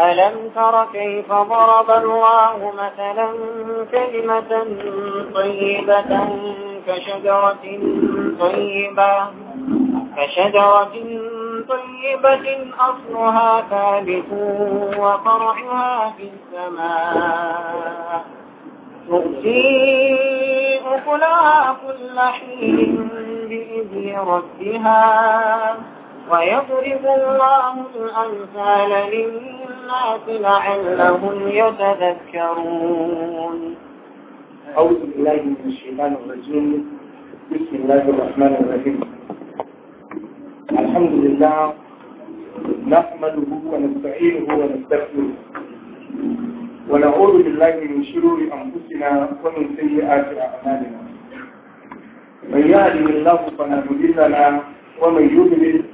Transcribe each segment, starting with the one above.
ألم تر كيف ضرب الله مثلا كلمة طيبة كشجرة طيبة كشجرة طيبة أصلها ثابت وفرحها في السماء تؤتي أكلها كل حين بإذن ربها ويضرب الله الأمثال للناس لعلهم يتذكرون أعوذ بالله من الشيطان الرجيم بسم الله الرحمن الرحيم الحمد لله نحمده ونستعينه ونستغفره ونعوذ بالله من شرور أنفسنا ومن سيئات أعمالنا من يهده الله فلا مضل له ومن يضلل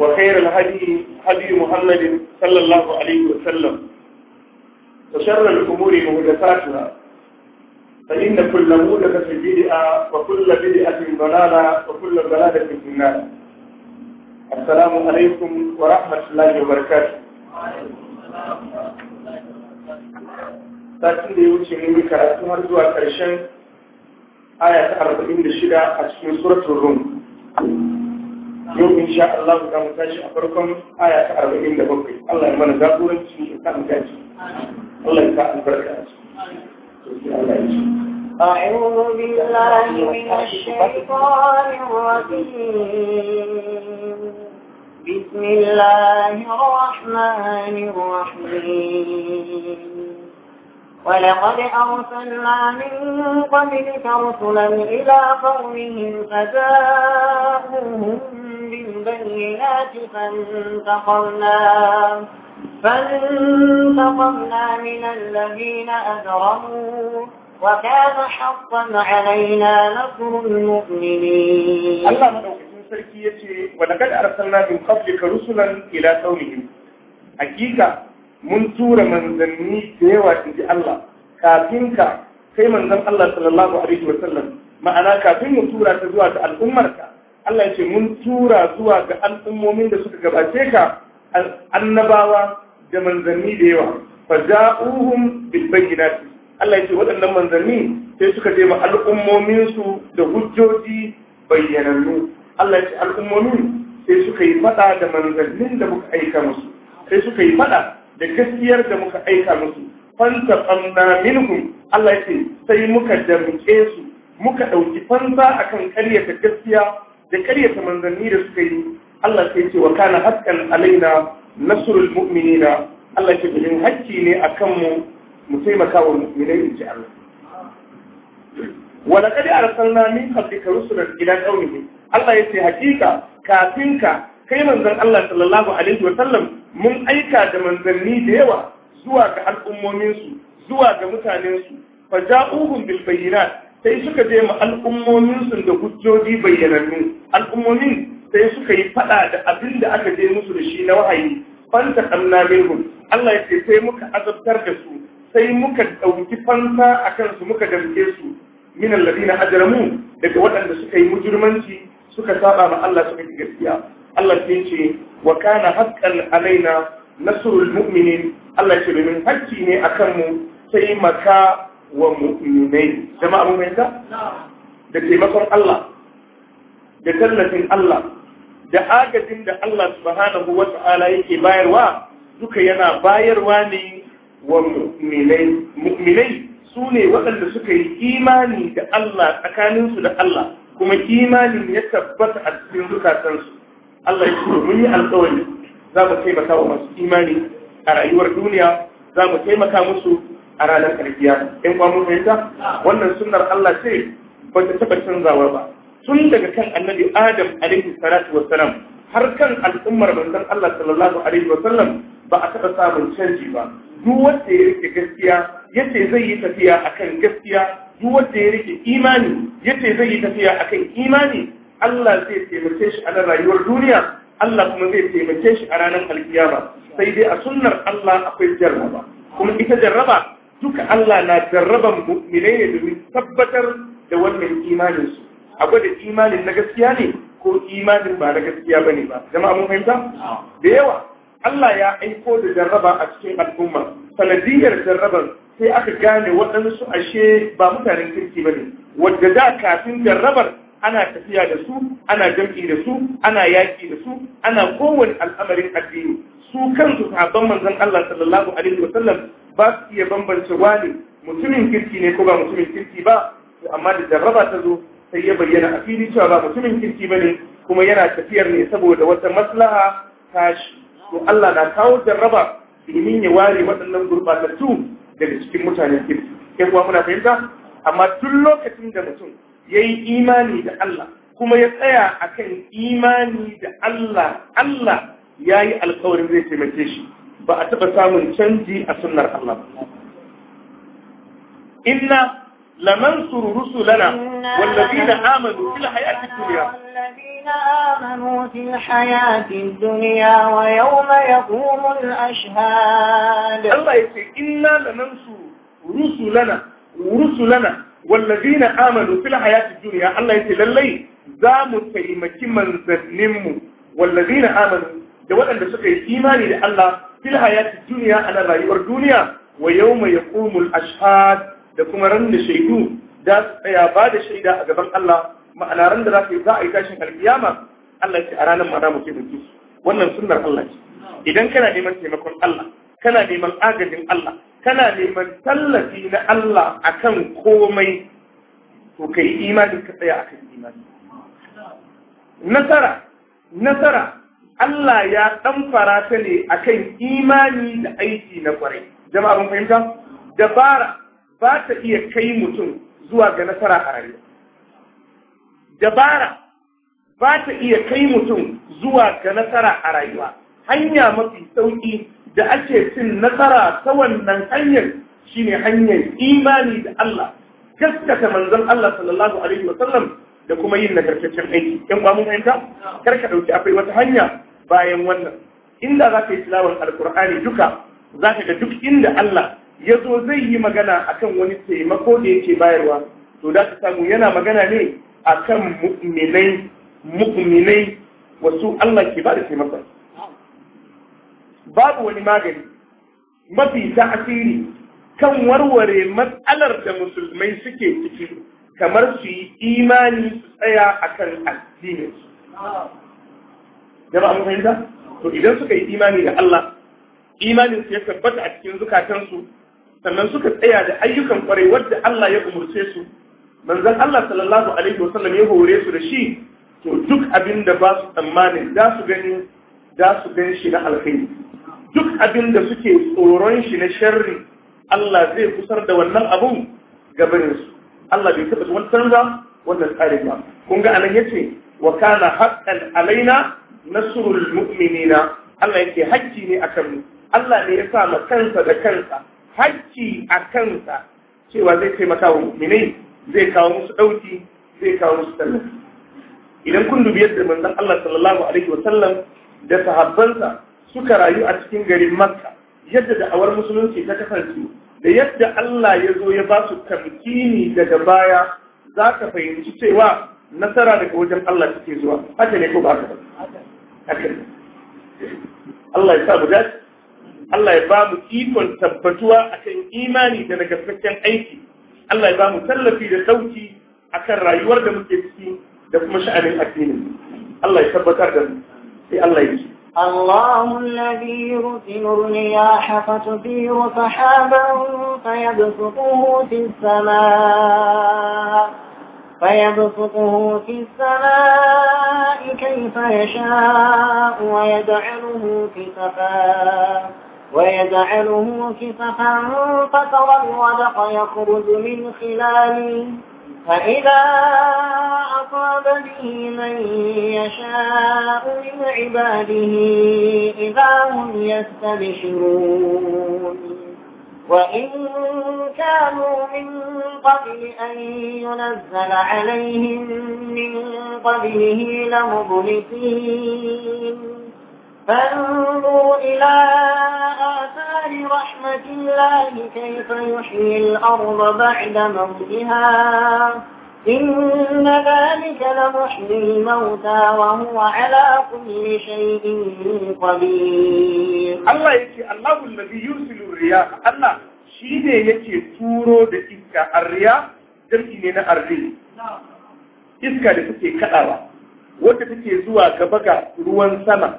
وخير الهدي هدي محمد صلى الله عليه وسلم وشر الأمور مهدفاتها فإن كل مهدفة بدئة وكل بدئة ضلالة وكل ضلالة في النار السلام عليكم ورحمة الله وبركاته satin da ya wuce mun yi karatu har zuwa ƙarshen aya ta 46 a cikin suratul rum yau in sha Allah za mu tashi a farkon aya ta arba'in da bakwai Allah ya mana jagoranci ya sa mu tashi Allah ya sa albarka a ciki أعوذ بالله من الشيطان الرجيم بسم الله الرحمن الرحيم ولقد أرسلنا من قبلك رسلا إلى قومهم فجاءوهم بالبينات فانتقمنا فانتقمنا من الذين أجرموا وكان حقا علينا نصر المؤمنين الله مدوكتين ولقد أرسلنا من قبلك رسلا إلى قومهم حقيقة mun tura manzanni da yawa in ji Allah kafin ka kai manzan Allah sallallahu alaihi wa sallam ma'ana kafin mu tura ta zuwa ga al'ummarka Allah ya ce mun tura zuwa ga al'ummomin da suka gabace ka annabawa da manzanni da yawa fa ja'uhum bil bayyinati Allah ya ce waɗannan manzanni sai suka je ma al'ummomin su da hujjoji bayyanannu Allah ya ce al'ummomin sai suka yi fada da manzannin da muka aika musu sai suka yi fada da gaskiyar da muka aika musu fanta tsamna minhum Allah ya ce sai muka damke su muka ɗauki fansa akan karyata gaskiya da karyata manzanni da suka yi Allah sai ce wa kana haskan alaina nasrul mu'minina Allah ke domin hakki ne akan mu mu taimaka wa mu'minai in ji Allah wa laqad arsalna min qablika rusulan ila qaumihim Allah ya yace hakika kafin ka kai manzon Allah sallallahu alaihi wa sallam mun aika da manzanni da yawa zuwa ga al'ummominsu zuwa ga mutanensu fa ja'uhum bil sai suka je ma al'ummominsu da hujjoji bayyanannu al'ummomin sai suka yi fada da abin da aka je musu da shi na wahayi fanta kamna minhum Allah ya ce sai muka azabtar da su sai muka ɗauki fanta a kansu muka damke su min alladhina ajramu daga waɗanda suka yi mujurmanci suka saba ma Allah suka yi gaskiya Allah sai ce wa kana haqqan alaina nasrul mu'minin Allah ce domin hakki ne akan mu taimaka wa mu'minai jama'a mun fahimta da taimakon Allah da tallafin Allah da agajin da Allah subhanahu wa yake bayarwa duka yana bayarwa ne wa mu'minai mu'minai su ne waɗanda suka yi imani da Allah tsakaninsu da Allah kuma imanin ya tabbata a cikin zukatansu Allah ya ce mun yi alƙawari za mu taimaka wa masu imani a rayuwar duniya za mu taimaka musu a ranar karfiya in kwa fahimta wannan sunnar Allah ce ba ta taɓa canzawa ba tun daga kan annabi Adam alaihi salatu wassalam har kan al'ummar manzon Allah sallallahu alaihi wasallam ba a taɓa samun canji ba duk wanda ya rike gaskiya yace zai yi tafiya akan gaskiya duk wanda ya rike imani yace zai yi tafiya akan imani Allah zai taimake shi a nan rayuwar duniya Allah kuma zai taimake shi a ranar alkiyama sai dai a sunnar Allah akwai jarraba kuma ita jarraba duka Allah na jarraban mu'minai ne domin tabbatar da wannan imanin su a gwada imanin na gaskiya ne ko imanin ba na gaskiya ba ne ba jama'a mun fahimta da yawa Allah ya aiko da jarraba a cikin al'umma sanadiyar jarraban sai aka gane waɗansu ashe ba mutanen kirki ba ne wadda da kafin jarrabar ana tafiya da su ana jam'i da su ana yaƙi da su ana kowane al'amarin addini su kansu sahabban manzon Allah sallallahu alaihi wasallam ba su iya bambance wani mutumin kirki ne ko ba mutumin kirki ba amma da jarraba ta zo sai ya bayyana a fili cewa ba mutumin kirki bane kuma yana tafiyar ne saboda wata maslaha tashi to Allah na kawo jarraba domin ya ware waɗannan gurɓatattu daga cikin mutanen kirki kai kuwa muna fahimta amma tun lokacin da mutum ya yi imani da Allah kuma ya tsaya akan imani da Allah Allah ya yi alkawarin zai taimake shi ba a taɓa samun canji a sunnar Allah ba. Inna لننصر رسلنا والذين آمنوا في الحياة الدنيا والذين آمنوا في الحياة الدنيا ويوم يقوم الأشهاد الله يقول إنا wallazina amanu fil hayati dunya Allah yace lallai za mu taimaki manzanninmu wallazina amanu da waɗanda suka yi imani da Allah fil hayati a ana rayuwar duniya wa ya kumul ashhad da kuma ran da shaidu da su tsaya ba da shaida a gaban Allah ma'ana ran da za a yi tashin alkiyama Allah ce a ranar za mu taimaki su wannan sunnar Allah ce idan kana neman taimakon Allah kana neman agajin Allah kana neman tallafi na Allah akan komai to ka yi imani ka tsaya akan imani nasara nasara Allah ya fara ta ne akan imani da aiki na kwarai jama'a ban fahimta dabara ba ta iya kai mutum zuwa ga nasara a rayuwa dabara ba ta iya kai mutum zuwa ga nasara a rayuwa hanya mafi sauƙi da ake cin nasara ta wannan hanyar shine hanyar imani da Allah gaskata manzon Allah sallallahu alaihi wa sallam da kuma yin nagartaccen aiki yan ba mun fahimta kar ka akwai wata hanya bayan wannan inda za ka yi tilawar alkur'ani duka za ka ga duk inda Allah ya zo zai yi magana akan wani taimako da yake bayarwa to da ka samu yana magana ne akan kan mu'minai wasu Allah ke ba da taimakon babu wani magani mafi ta'asiri kan warware matsalar da musulmai suke ciki kamar su yi imani su tsaya akan addinin da ba mu fahimta to idan suka yi imani da Allah imaninsu ya tabbata a cikin zukatansu sannan suka tsaya da ayyukan kwarai wadda Allah ya umurce su manzon Allah sallallahu alaihi wasallam ya hore su da shi to duk abin da ba su tsammanin za su gani za su gan shi na alkhairi duk abin da suke tsoron shi na sharri Allah zai kusar da wannan abun gabarin Allah bai taɓa wani canza wannan tsarin ba kun ga anan yace wa kana haqqan alaina nasrul mu'minina Allah yake hakki ne akan mu Allah ne ya sa ma kansa da kansa hakki a kansa cewa zai taimaka wa mu'minai zai kawo musu dauki zai kawo musu tallafi idan kun dubi yadda manzon Allah sallallahu alaihi Sallam da sahabbansa suka rayu a cikin garin Makka yadda da'awar musulunci ta kasance da yadda Allah ya zo ya ba su tamkini daga baya za ka fahimci cewa nasara daga wajen Allah take zuwa haka ne ko ba haka haka Allah ya sa mu dace Allah ya ba mu ikon tabbatuwa akan imani da nagartaccen aiki Allah ya ba mu tallafi da sauki akan rayuwar da muke ciki da kuma sha'anin addini Allah ya tabbatar da mu sai Allah ya ci الله الذي يرسل الرياح فتثير سحابا فيبسطه في السماء فيبسطه في السماء كيف يشاء ويجعله كسفا ويجعله كسفا فترى الودق يخرج من خلاله فإذا أصاب به من يشاء من عباده إذا هم يستبشرون وإن كانوا من قبل أن ينزل عليهم من قبله لمبلسين فانظر إلى آثار رحمة الله كيف يحيي الأرض بعد موتها إن ذلك لمحيي الموتى وهو على كل شيء قدير الله يكي الله الذي يرسل الرياح الله شيني يكي تورو دا إسكا الرياح جمعي لنا الريح إسكا لتكي كأرة وتتكي زوا كبكا روان سما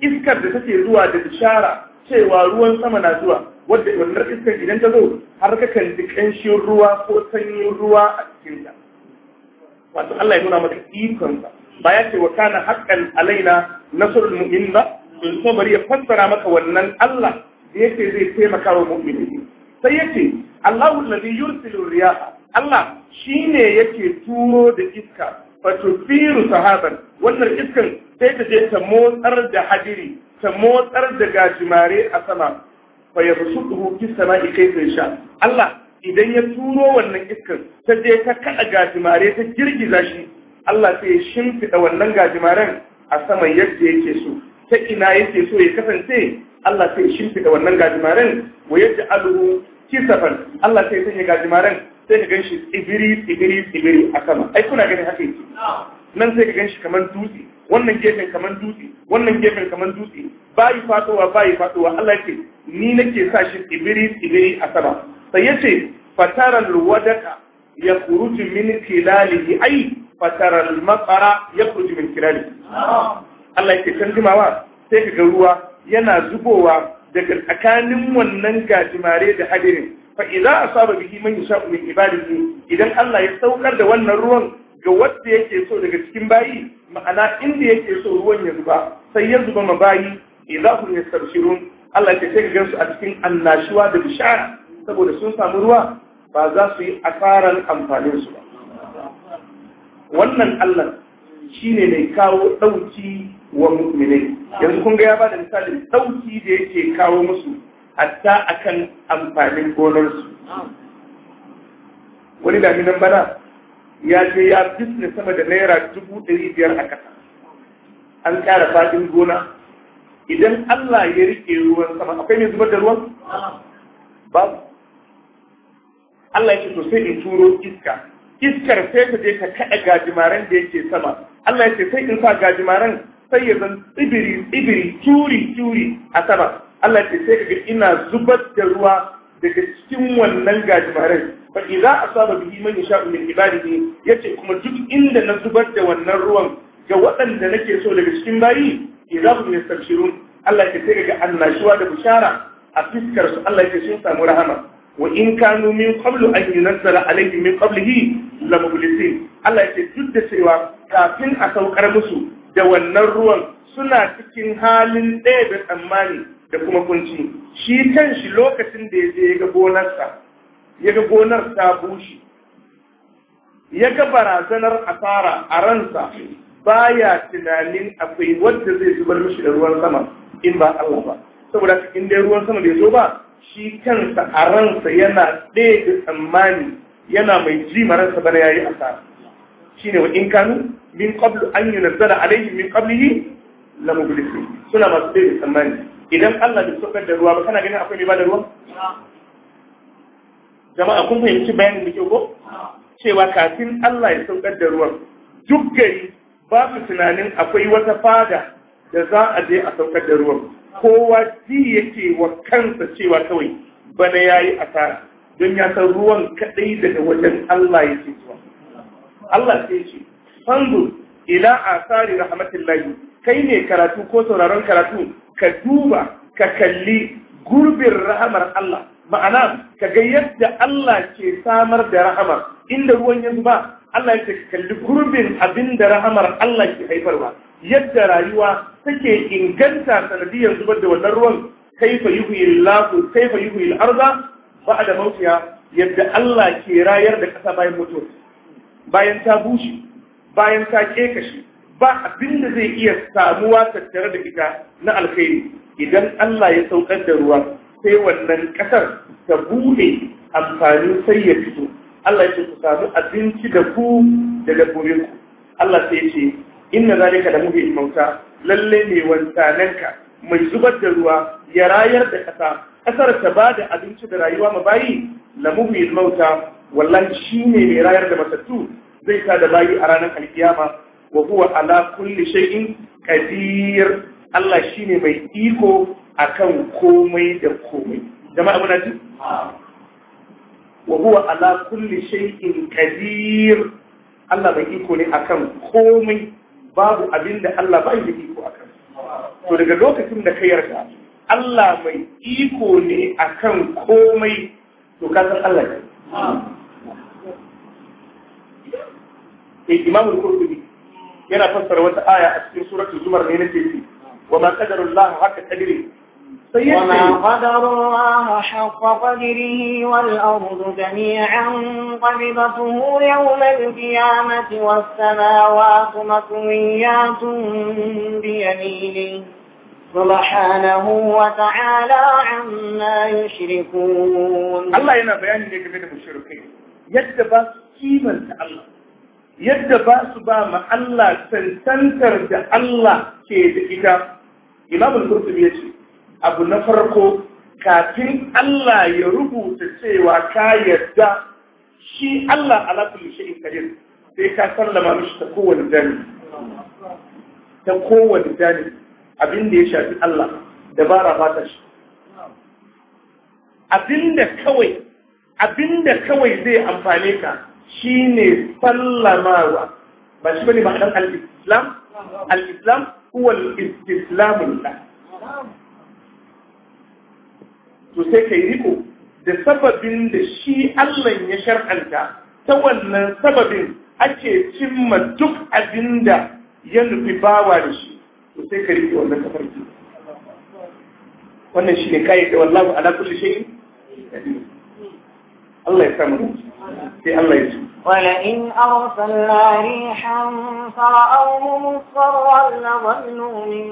iskar da take zuwa da shara cewa ruwan sama na zuwa wadda wannan iskar idan ta zo har kakan ji ƙanshin ruwa ko sanyin ruwa a cikin ta wato Allah ya nuna maka ikon sa ba ya ce wa kana haƙƙan alaina nasrul mu'min ba in so bari ya fassara maka wannan Allah da yake zai taimaka wa mu'mini sai yace Allahu alladhi yursilu riyaha Allah shine yake turo da iska fa tufiru sahaban wannan iskan sai ta je ta motsar da hadiri ta motsar da gajimare a sama fa ya su duhu sama ikai sai sha Allah idan ya turo wannan iskar ta je ta kada gajimare ta girgiza shi Allah sai ya shimfida wannan gajimaren a saman yadda yake so ta ina yake so ya kasance Allah sai ya shimfida wannan gajimaren wa yadda aluhu kisafan Allah sai ya sanya gajimaren sai ka gan shi tsibiri tsibiri a sama ai kuna ganin haka yake nan sai ka ganshi shi kamar dutse wannan gefen kamar dutse wannan gefen kamar dutse bayi fatowa bayi fatowa Allah ya ni nake sa shi tsibiri tsibiri a sama sai ya ce fataral wadaka ya kuruji min kilalihi ai fataral matsara ya kuruji min Allah ya ce sai ka ga ruwa yana zubowa daga tsakanin wannan gajimare da hadirin fa idza asaba bihi man yasha'u min ibadihi idan Allah ya saukar da wannan ruwan ga wanda yake so daga cikin bayi ma'ana inda yake so ruwan ya zuba sai ya zuba ma bayi idahum yastabshirun Allah ya ce ga a cikin annashuwa da bishara saboda sun samu ruwa ba za su yi asaran amfanin su ba wannan Allah shine mai kawo dauki wa mu'minai yanzu kun ga ya bada misalin dauki da yake kawo musu hatta akan amfanin gonar su wani daminan bana ya je ya bisne sama da naira dubu ɗari biyar a ƙasa an ƙara faɗin gona idan Allah ya riƙe ruwan sama akwai mai zubar da ruwan babu Allah ya ce to sai in turo iska iskar sai ta je ta kaɗa gajimaren da yake sama Allah ya ce sai in sa gajimaren sai ya zan tsibiri tsibiri turi turi a sama Allah ya ce sai ka ga ina zubar da ruwa daga cikin wannan gajibarai za a saba bihi man yasha min Ya yace kuma duk inda na zubar da wannan ruwan ga waɗanda nake so daga cikin bayi idza hum yastabshirun Allah ya sai ga annashuwa da bishara a fiskar su Allah ya sun samu rahama wa in kanu min qablu an yunzala alayhi min qablihi la mublisin Allah ya duk da cewa kafin a saukar musu da wannan ruwan suna cikin halin ɗaya da tsammani da kuma kunci shi kan shi lokacin da ya je ya ga gonarsa ya ga gonar ta bushe ya ga barazanar asara a ransa baya tunanin akwai wanda zai zubar mishi da ruwan sama in ba Allah ba saboda in dai ruwan sama bai zo ba shi kansa a ransa yana ɗaya da tsammani yana mai ji maransa bana yayi asara shine wa in kanu min qablu an yunzala alaihim min qablihi la mublisun suna masu ɗaya da tsammani idan Allah da saukar da ruwa ba kana ganin akwai mai ba da ruwa jama'a kun fahimci bayanin da ke ko cewa kafin Allah ya saukar da ruwan duk gari babu tunanin akwai wata fada da za a je a saukar da ruwan kowa ji yake wa kansa cewa kawai bana ya yayi asara don ya san ruwan kaɗai daga wajen Allah ya ce zuwa Allah ce ce fanzur ila asari Rahmatullahi kai ne karatu ko sauraron karatu ka duba ka kalli gurbin rahamar Allah ma'ana ka ga yadda Allah ke samar da rahamar inda ruwan ya zuba Allah ya ka kalli gurbin abin da rahamar Allah ke haifarwa yadda rayuwa take inganta sanadiyar zubar da wannan ruwan kaifa yuhyi Allahu kaifa yuhyi al-arda ba'da mautiha yadda Allah ke rayar da ƙasa bayan mutuwa bayan ta bushe bayan ta kekashi ba abin da zai iya samuwa tattare da ita na alkhairi idan Allah ya saukar da ruwa sai wannan ƙasar ta buɗe amfani sai ya fito Allah ya ce ku samu abinci da ku daga gurinku Allah sai ya ce inna zalika da mauta lalle ne wancananka mai zubar da ruwa ya rayar da kasa ƙasar ta ba da abinci da rayuwa ma bayi la mauta wallahi shine mai rayar da matattu zai sa da bayi a ranar alkiyama wa huwa ala kulli shay'in qadir Allah shine mai iko akan komai da komai jama'a muna ji wa huwa ala kulli shay'in qadir Allah mai iko ne akan komai babu abinda Allah bai da iko akan to daga lokacin da ka yarda Allah mai iko ne akan komai to ka san Allah ne eh, Imam al-Qurtubi yana fassara wata aya a cikin suratul zumar ne nake ci wa ma qadarullahi haka qadri وما قدر الله حق قدره والأرض جميعا قبضته يوم القيامة والسماوات مطويات بيمينه سبحانه وتعالى عما يشركون الله ينا بيان لك من المشركين يجب كيما الله yadda ba su ba ma Allah tantantar da Allah ke da ita imamul qurtubi yace abu na farko kafin Allah ya rubuta cewa ka yadda shi Allah ala kulli shay'in kadir sai ka sallama mishi ta kowane dani ta kowane dani abin da ya shafi Allah dabara ba ta shi abinda kawai abinda kawai zai amfane ka Shi ne sallamawa ba shi bane ba dan al-islam al-islam huwa al-istislamu lillah to sai kai riko da sababin da shi Allah ya shar'anta ta wannan sababin ake cimma duk abinda ya nufi bawa da shi to sai kai riko wannan kafarki wannan shi ne kai da wallahi ala kulli shay'in Allah ya samu sai Allah ya ci ولئن أرسلنا ريحا فرأوه مصفرا لظلوا من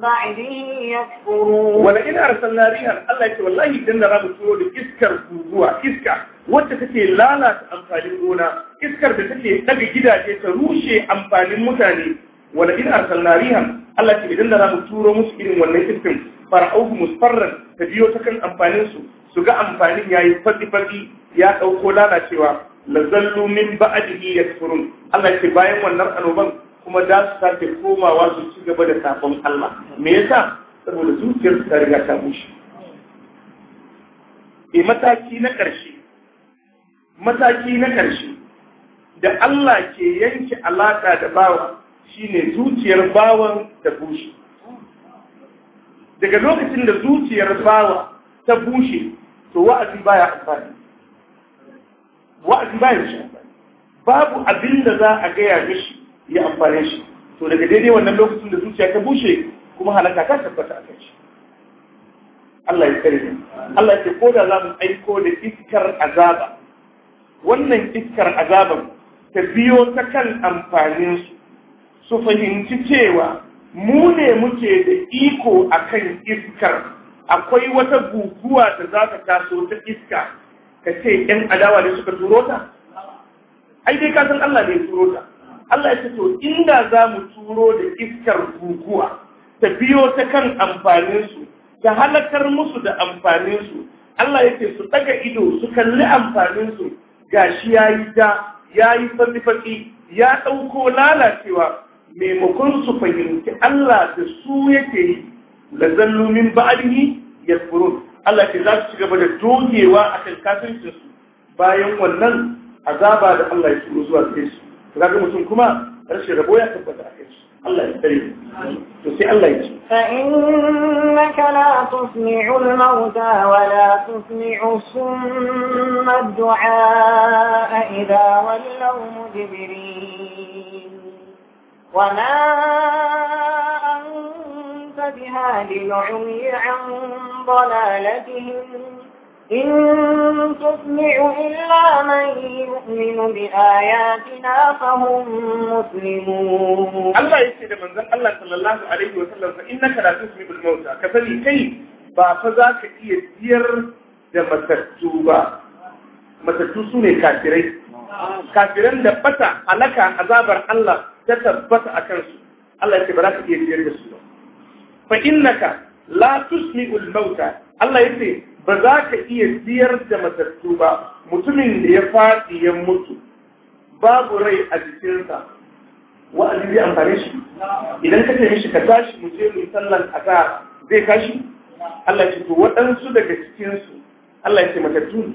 بعده يكفرون ولئن أرسلنا ريحا الله يقول والله إن رب سورة إسكر فوزوع إسكر wacce take lalata amfanin gona iskar da take ɗaga gidaje ta rushe amfanin mutane wala in arsalna rihan Allah ce idan da za mu turo musu irin wannan iskin fara'uhu musfarran ta biyo ta kan amfanin su ga amfanin yayi fadi fadi ya dauko lalacewa zallu min ba'dihi yakfurun Allah ce bayan wannan annoban kuma da su sake komawa su ci gaba da sabon Allah me yasa saboda zuciyar su ta riga ta bushe e mataki na ƙarshe mataki na karshe da Allah ke yanke alaka da bawa shine zuciyar bawan ta bushe daga lokacin da zuciyar bawa ta bushe to wa'azi baya amfani wa'azi ba ya shi babu abin da za a gaya mishi ya amfane shi to daga daidai wannan lokacin da zuciya ta bushe kuma halaka ta tabbata a kan shi Allah ya kare Allah ya ko da za aiko da iskar azaba wannan iskar azaban ta biyo ta kan amfanin su su fahimci cewa mu ne muke da iko akan iskar akwai wata guguwa da za ta taso ta iska ka ce ‘yan adawa ne suka turo ta? Ai dai kasan Allah ne turo ta. Allah ya ce to inda za mu turo da iskar guguwa ta biyo ta kan amfaninsu, ta halakar musu da amfaninsu, Allah ya ce su ɗaga ido su kalli amfaninsu gashi ya yi ta, ya yi fafi ya ɗauko lalacewa maimakon su fahimci Allah da su yake yi, lazallumin ba'adini, ya furun Allah ce za su ci gaba da dogewa a kan kafircinsu bayan wannan azaba da Allah ya turo zuwa gare su kaga mutum kuma rashin rabo ya tabbata a kai su Allah ya tsare to sai Allah ya ce fa innaka la tusmi'u al-mauta wa la tusmi'u summa ad-du'a idha wallaw mudbirin wa ma بها لنعمي عن ضلالتهم إن تسمع إلا من يؤمن بآياتنا فهم مسلمون الله يسير من ذن الله صلى الله عليه وسلم فإنك لا تسمع الموتى كفلي كيف فذاك يسير da matattu ba matattu su ne kafirai kafiran da bata halaka azabar Allah ta tabbata a kansu Allah ya ce ba za ka iya jiyar da su fa innaka la tusmi'ul mauta Allah yace ba za ka iya siyar da matattu ba mutumin da ya faɗi ya mutu babu rai a jikinsa wa'azi zai amfane shi idan ka mishi ka tashi mu je mu sallan aka zai kashi Allah ya to waɗansu daga cikinsu Allah ya ce matattu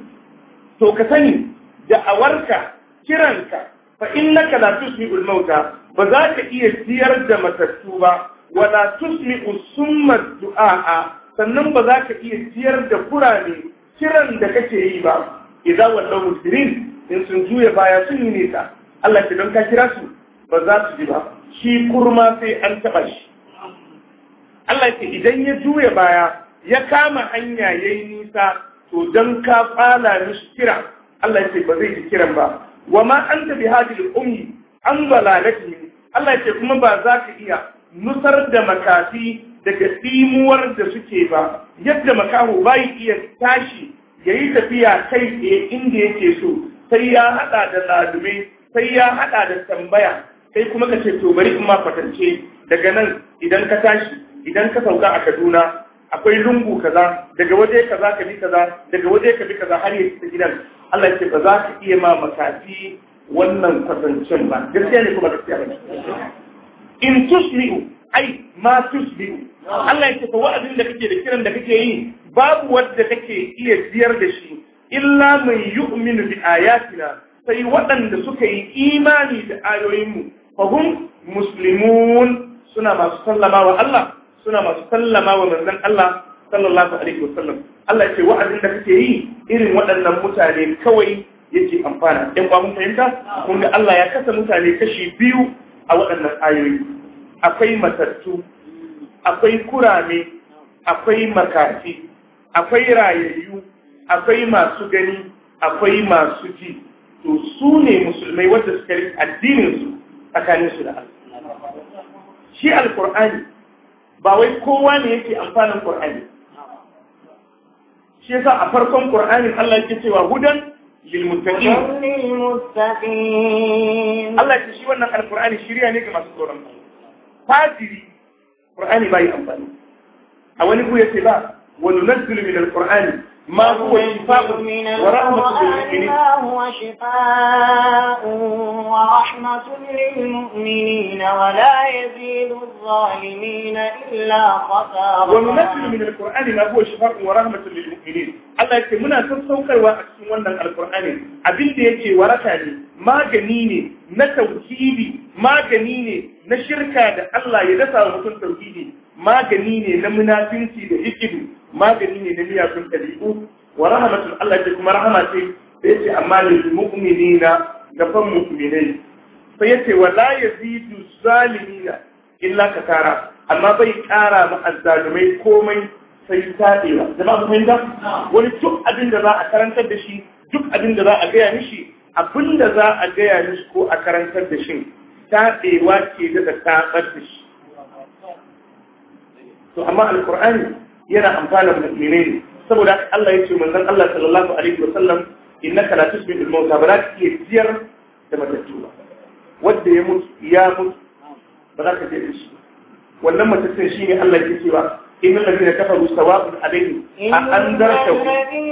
to ka sani da'awarka kiranka fa innaka la tusmi'ul mauta ba za ka iya siyar da matattu ba wala tusmi summa du'a sannan ba za ka iya ciyar da kurane kiran da kake yi ba idza wallahu mudirin in sun juya baya sun yi nesa Allah ke don ka kira su ba za su ji ba shi kurma sai an taba shi Allah ke idan ya juya baya ya kama hanya yayi nisa to dan ka fala mishi kira Allah ya ce ba zai ji kiran ba wa ma anta bi hadil ummi an balalati Allah ya ce kuma ba za ka iya nusar da makafi daga tsimuwar da suke ba yadda makaho bai iya tashi ya yi tafiya kai tsaye inda yake so sai ya haɗa da lalume sai ya haɗa da tambaya sai kuma ka ce to bari in ma kwatance daga nan idan ka tashi idan ka sauka a kaduna akwai lungu kaza daga waje kaza ka bi kaza daga waje ka bi kaza har ya ta gidan Allah ya ce ba za ka iya ma makafi wannan kwatancin ba gaskiya ne kuma gaskiya ba in tusli'u ai ma tusli'u Allah yake fa wa'azin da kake da kiran da kake yi babu wanda kake iya biyar da shi illa man yu'minu bi ayatina sai waɗanda suka yi imani da ayoyinmu fahum muslimun suna masu sallama wa Allah suna masu sallama wa manzon Allah sallallahu alaihi wasallam Allah yake wa'azin da kake yi irin waɗannan mutane kawai yake amfana ɗan kwa fahimta kun ga Allah ya kasa mutane kashi biyu a waɗannan ayoyi akwai matattu akwai kurame akwai makafi akwai rayayyu akwai masu gani akwai masu ji to su ne musulmai wadda suka yi addininsu tsakaninsu da Allah shi alkur'ani ba wai kowa ne yake amfanin qur'ani shi yasa a farkon ƙur'anin Allah yake cewa hudan للمتقين الله يشي القرآن الشريع نيكي ما سكورا القرآن باي أمبال أولي قوية سباة وننزل من القرآن ما هو شفاء ورحمة للمؤمنين هو ورحمة للمؤمنين ولا يزيد الظالمين إلا خسارا وننزل من القرآن ما هو شفاء ورحمة للمؤمنين Allah yake muna son saukarwa a cikin wannan alkur'ani abin da yake waraka ne magani ne na tauhidi magani ne na shirka da Allah ya dasa wa mutum tauhidi magani ne na munafinci da hikidu magani ne na miyagun uku. wa rahmatun Allah ce kuma rahama ce da yace amma lil mu'minina ga fan mu'minai sai yace wa la yazidu zalimina illa katara amma bai ƙara ma azzalumai komai sai tadewa jama'a mun fahimta wani duk abin da za a karantar da shi duk abin da za a gaya mishi abin da za a gaya mishi ko a karantar da shi tadewa ke da tabar da shi to amma alqur'ani yana amfana da mu'mine ne saboda Allah ya ce manzon Allah sallallahu alaihi wasallam innaka la tusbihu al-mauta ba ki ka iya da matattu ba wanda ya mutu ya mutu ba za ka je da shi wannan matattun shine Allah ke cewa إن الذين كفروا سواء عليهم أأنذرتهم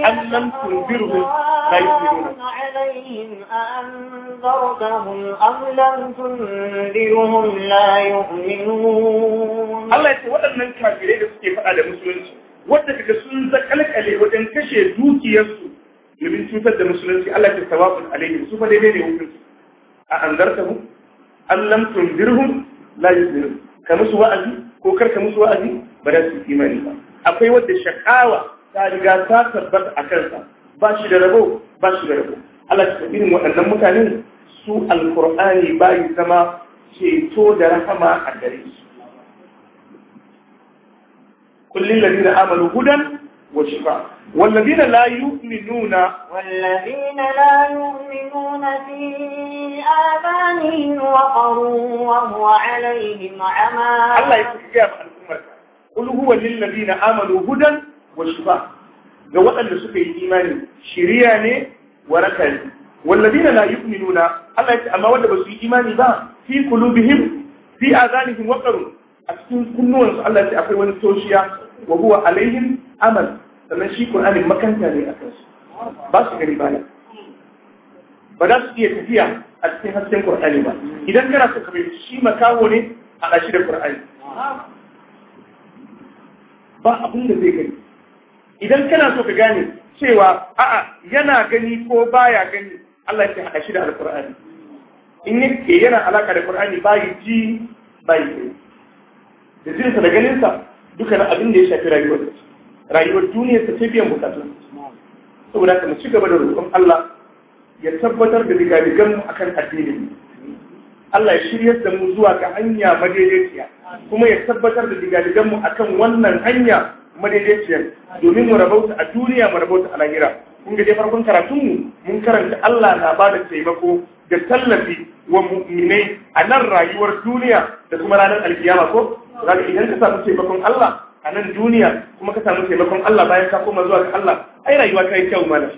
أم لم تنذرهم لا يؤمنون عليهم أأنذرتهم أم لم تنذرهم لا يؤمنون الله يقول أن الكافرين يسكي فعل مسلمين wadda sun wajen kashe dukiyarsu domin cutar da musulunci Allah ke sawabun alaihim su fa daidai ne hukunci a anzartahu an lam tundirhum la yu'minun ka musu wa'azi ko kar ka musu wa'azi ba za su imani ba akwai wanda shakawa ta riga ta tabbata a kansa ba shi da rabo ba shi da rabo Allah ta irin waɗannan mutanen su alkur'ani ba yi zama ceto da rahama a gare su kullin ladina amalu hudan wa shifa والذين لا يؤمنون والذين لا يؤمنون في آذانهم وقر وهو عليهم عمى الله يقول ƙulhuwa lillabi na amalu hudan wasu ba ga waɗanda suka yi imani shiriya ne wa rakari wallabi na yi kuni nuna allah ya amma wadda ba su yi imani ba fi kulubihim fi a zanihin waƙaru a cikin kunnuwansu allah ya akwai wani toshiya wa huwa alaihin amal sannan shi ƙur'ani makanta ne a kansu ba su gani baya ba za su iya tafiya a cikin hasken ƙur'ani ba idan kana son ka shi makaho ne a ƙashi da ƙur'ani ba abin da zai gani idan kana so ka gane cewa a'a yana gani ko baya gani Allah ya haɗa shi da alƙur'ani in yake yana alaka da ƙur'ani yi ji bayi gani da jinsa da ganinsa duka na abin da ya shafi rayuwar rayuwar duniyar ta ce biyan bukatu saboda ka mu ci gaba da roƙon Allah ya tabbatar da mu akan addinin mu Allah ya shiryar da mu zuwa ga hanya madaidaiciya kuma ya tabbatar da digadigan mu kan wannan hanya madaidaiciyar domin mu rabauta a duniya mu rabauta a lahira kun ga dai farkon karatun mu mun karanta Allah na ba da taimako da tallafi wa mu'minai a nan rayuwar duniya da kuma ranar alkiyama ko zaka idan ka samu taimakon Allah a nan duniya kuma ka samu taimakon Allah bayan ka koma zuwa ga Allah ai rayuwa ta yi kyau mana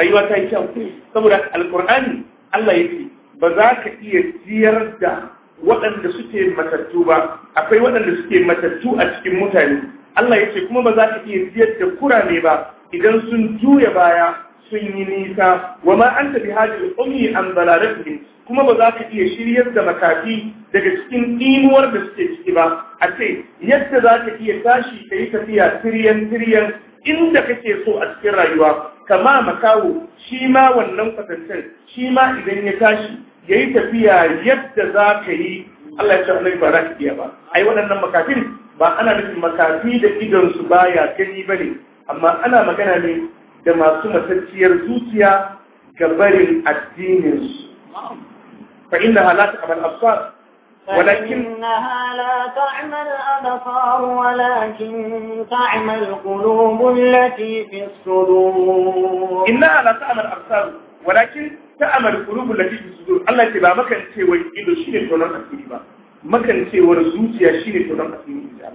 rayuwa ta yi kyau saboda alkur'ani Allah yake ba za ka iya siyar da waɗanda suke matattu ba akwai waɗanda suke matattu a cikin mutane Allah ya ce kuma ba za ka iya ziyar da kurame ba idan sun juya baya sun yi nisa wa ma an tafi hajji ummi an balaratihim kuma ba za ka iya shiryar da makafi daga cikin inuwar da suke ciki ba a ce yadda za ka iya tashi ka yi tafiya tiriyan tiriyan inda kake so a cikin rayuwa kama makawo shi ma wannan kwatancin shi ma idan ya tashi ya yi tafiya yadda za ka yi Allah ya ce annabi ba za ka iya ba ai waɗannan makafin ba ana nufin makafi da idonsu baya gani ba ne amma ana magana ne da masu matacciyar zuciya ga barin addininsu fa inna halata kamar absar فإنها لا تعمى الأبصار ولكن تعمى القلوب التي في الصدور إنها لا تعمى الأبصار ولكن تعمى القلوب التي في الصدور الله تبا مكان تيوي إدو شيني تونان أسيري با مكان تيوي رزوتيا شيني تونان أسيري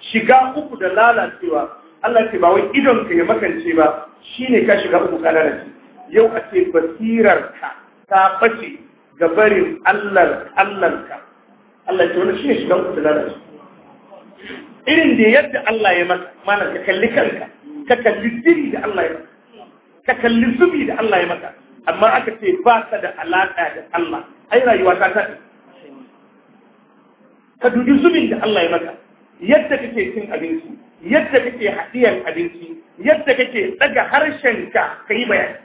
shiga uku da lalacewa Allah ce ba wai idon ka ya makance ba shine ka shiga uku ka lalace yau a ce basirar ka ta bace ga barin Allah Allah ka Allah ya tona shi ne shigan ku da su irin da yadda Allah ya maka mana ka kalli kanka ka kalli diri da Allah ya maka ka kalli zubi da Allah ya maka amma aka ce ba ka da alaƙa da Allah ai rayuwa ta ta ka dubi zubin da Allah ya maka yadda kake cin abinci yadda kake haɗiyar abinci yadda kake ɗaga harshenka ka yi bayani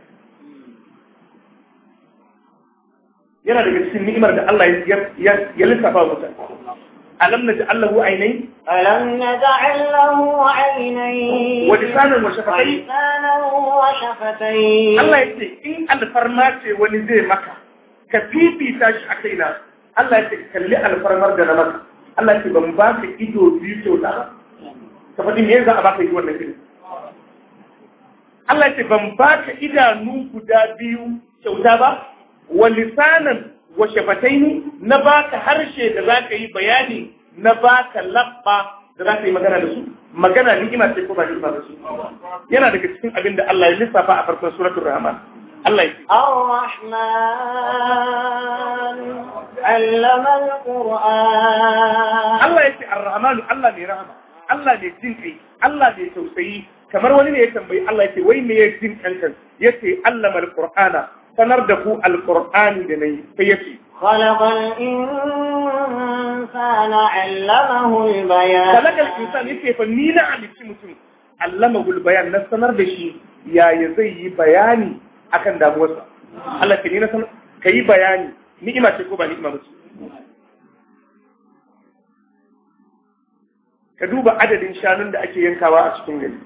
yana daga cikin ni'imar da Allah ya lissafa wa mutane alam naj'al lahu aynay alam naj'al lahu aynay wa lisanan wa shafatay wa shafatay Allah ya ce in alfarma ce wani zai maka ka fifita shi a kaina Allah ya ce kalli alfarmar da na maka Allah ce ban ba ka ido biyu kyauta ba ka faɗi me za a ka yi wannan kiri Allah ya ce ban ba ka idanu guda biyu kyauta ba wa lisanan wa shafataini na baka harshe da ka yi bayani na baka labba da za zaka yi magana da su magana ina ce ko ba ni'ima ba ce yana daga cikin abin da Allah ya lissafa a farkon suratul rahman Allah ya Ar-Rahman allama al-Qur'an Allah ya ce Ar-Rahman Allah ne rahama Allah ne jin Allah ne tausayi kamar wani ne ya tambayi Allah ya ce wai me ya jin kankan ya ce allama al-Qur'ana sanar da ku Alƙur'ani da na yi sai yace khalaqal insana 'allamahu al-bayan khalaqal insana yace fa ni na alici mutum allamahu al-bayan na sanar da shi yaya zai yi bayani akan damuwarsa Allah ka ni na sanar yi bayani ni'ima ce ko ba ni'ima ba ka duba adadin shanun da ake yankawa a cikin gari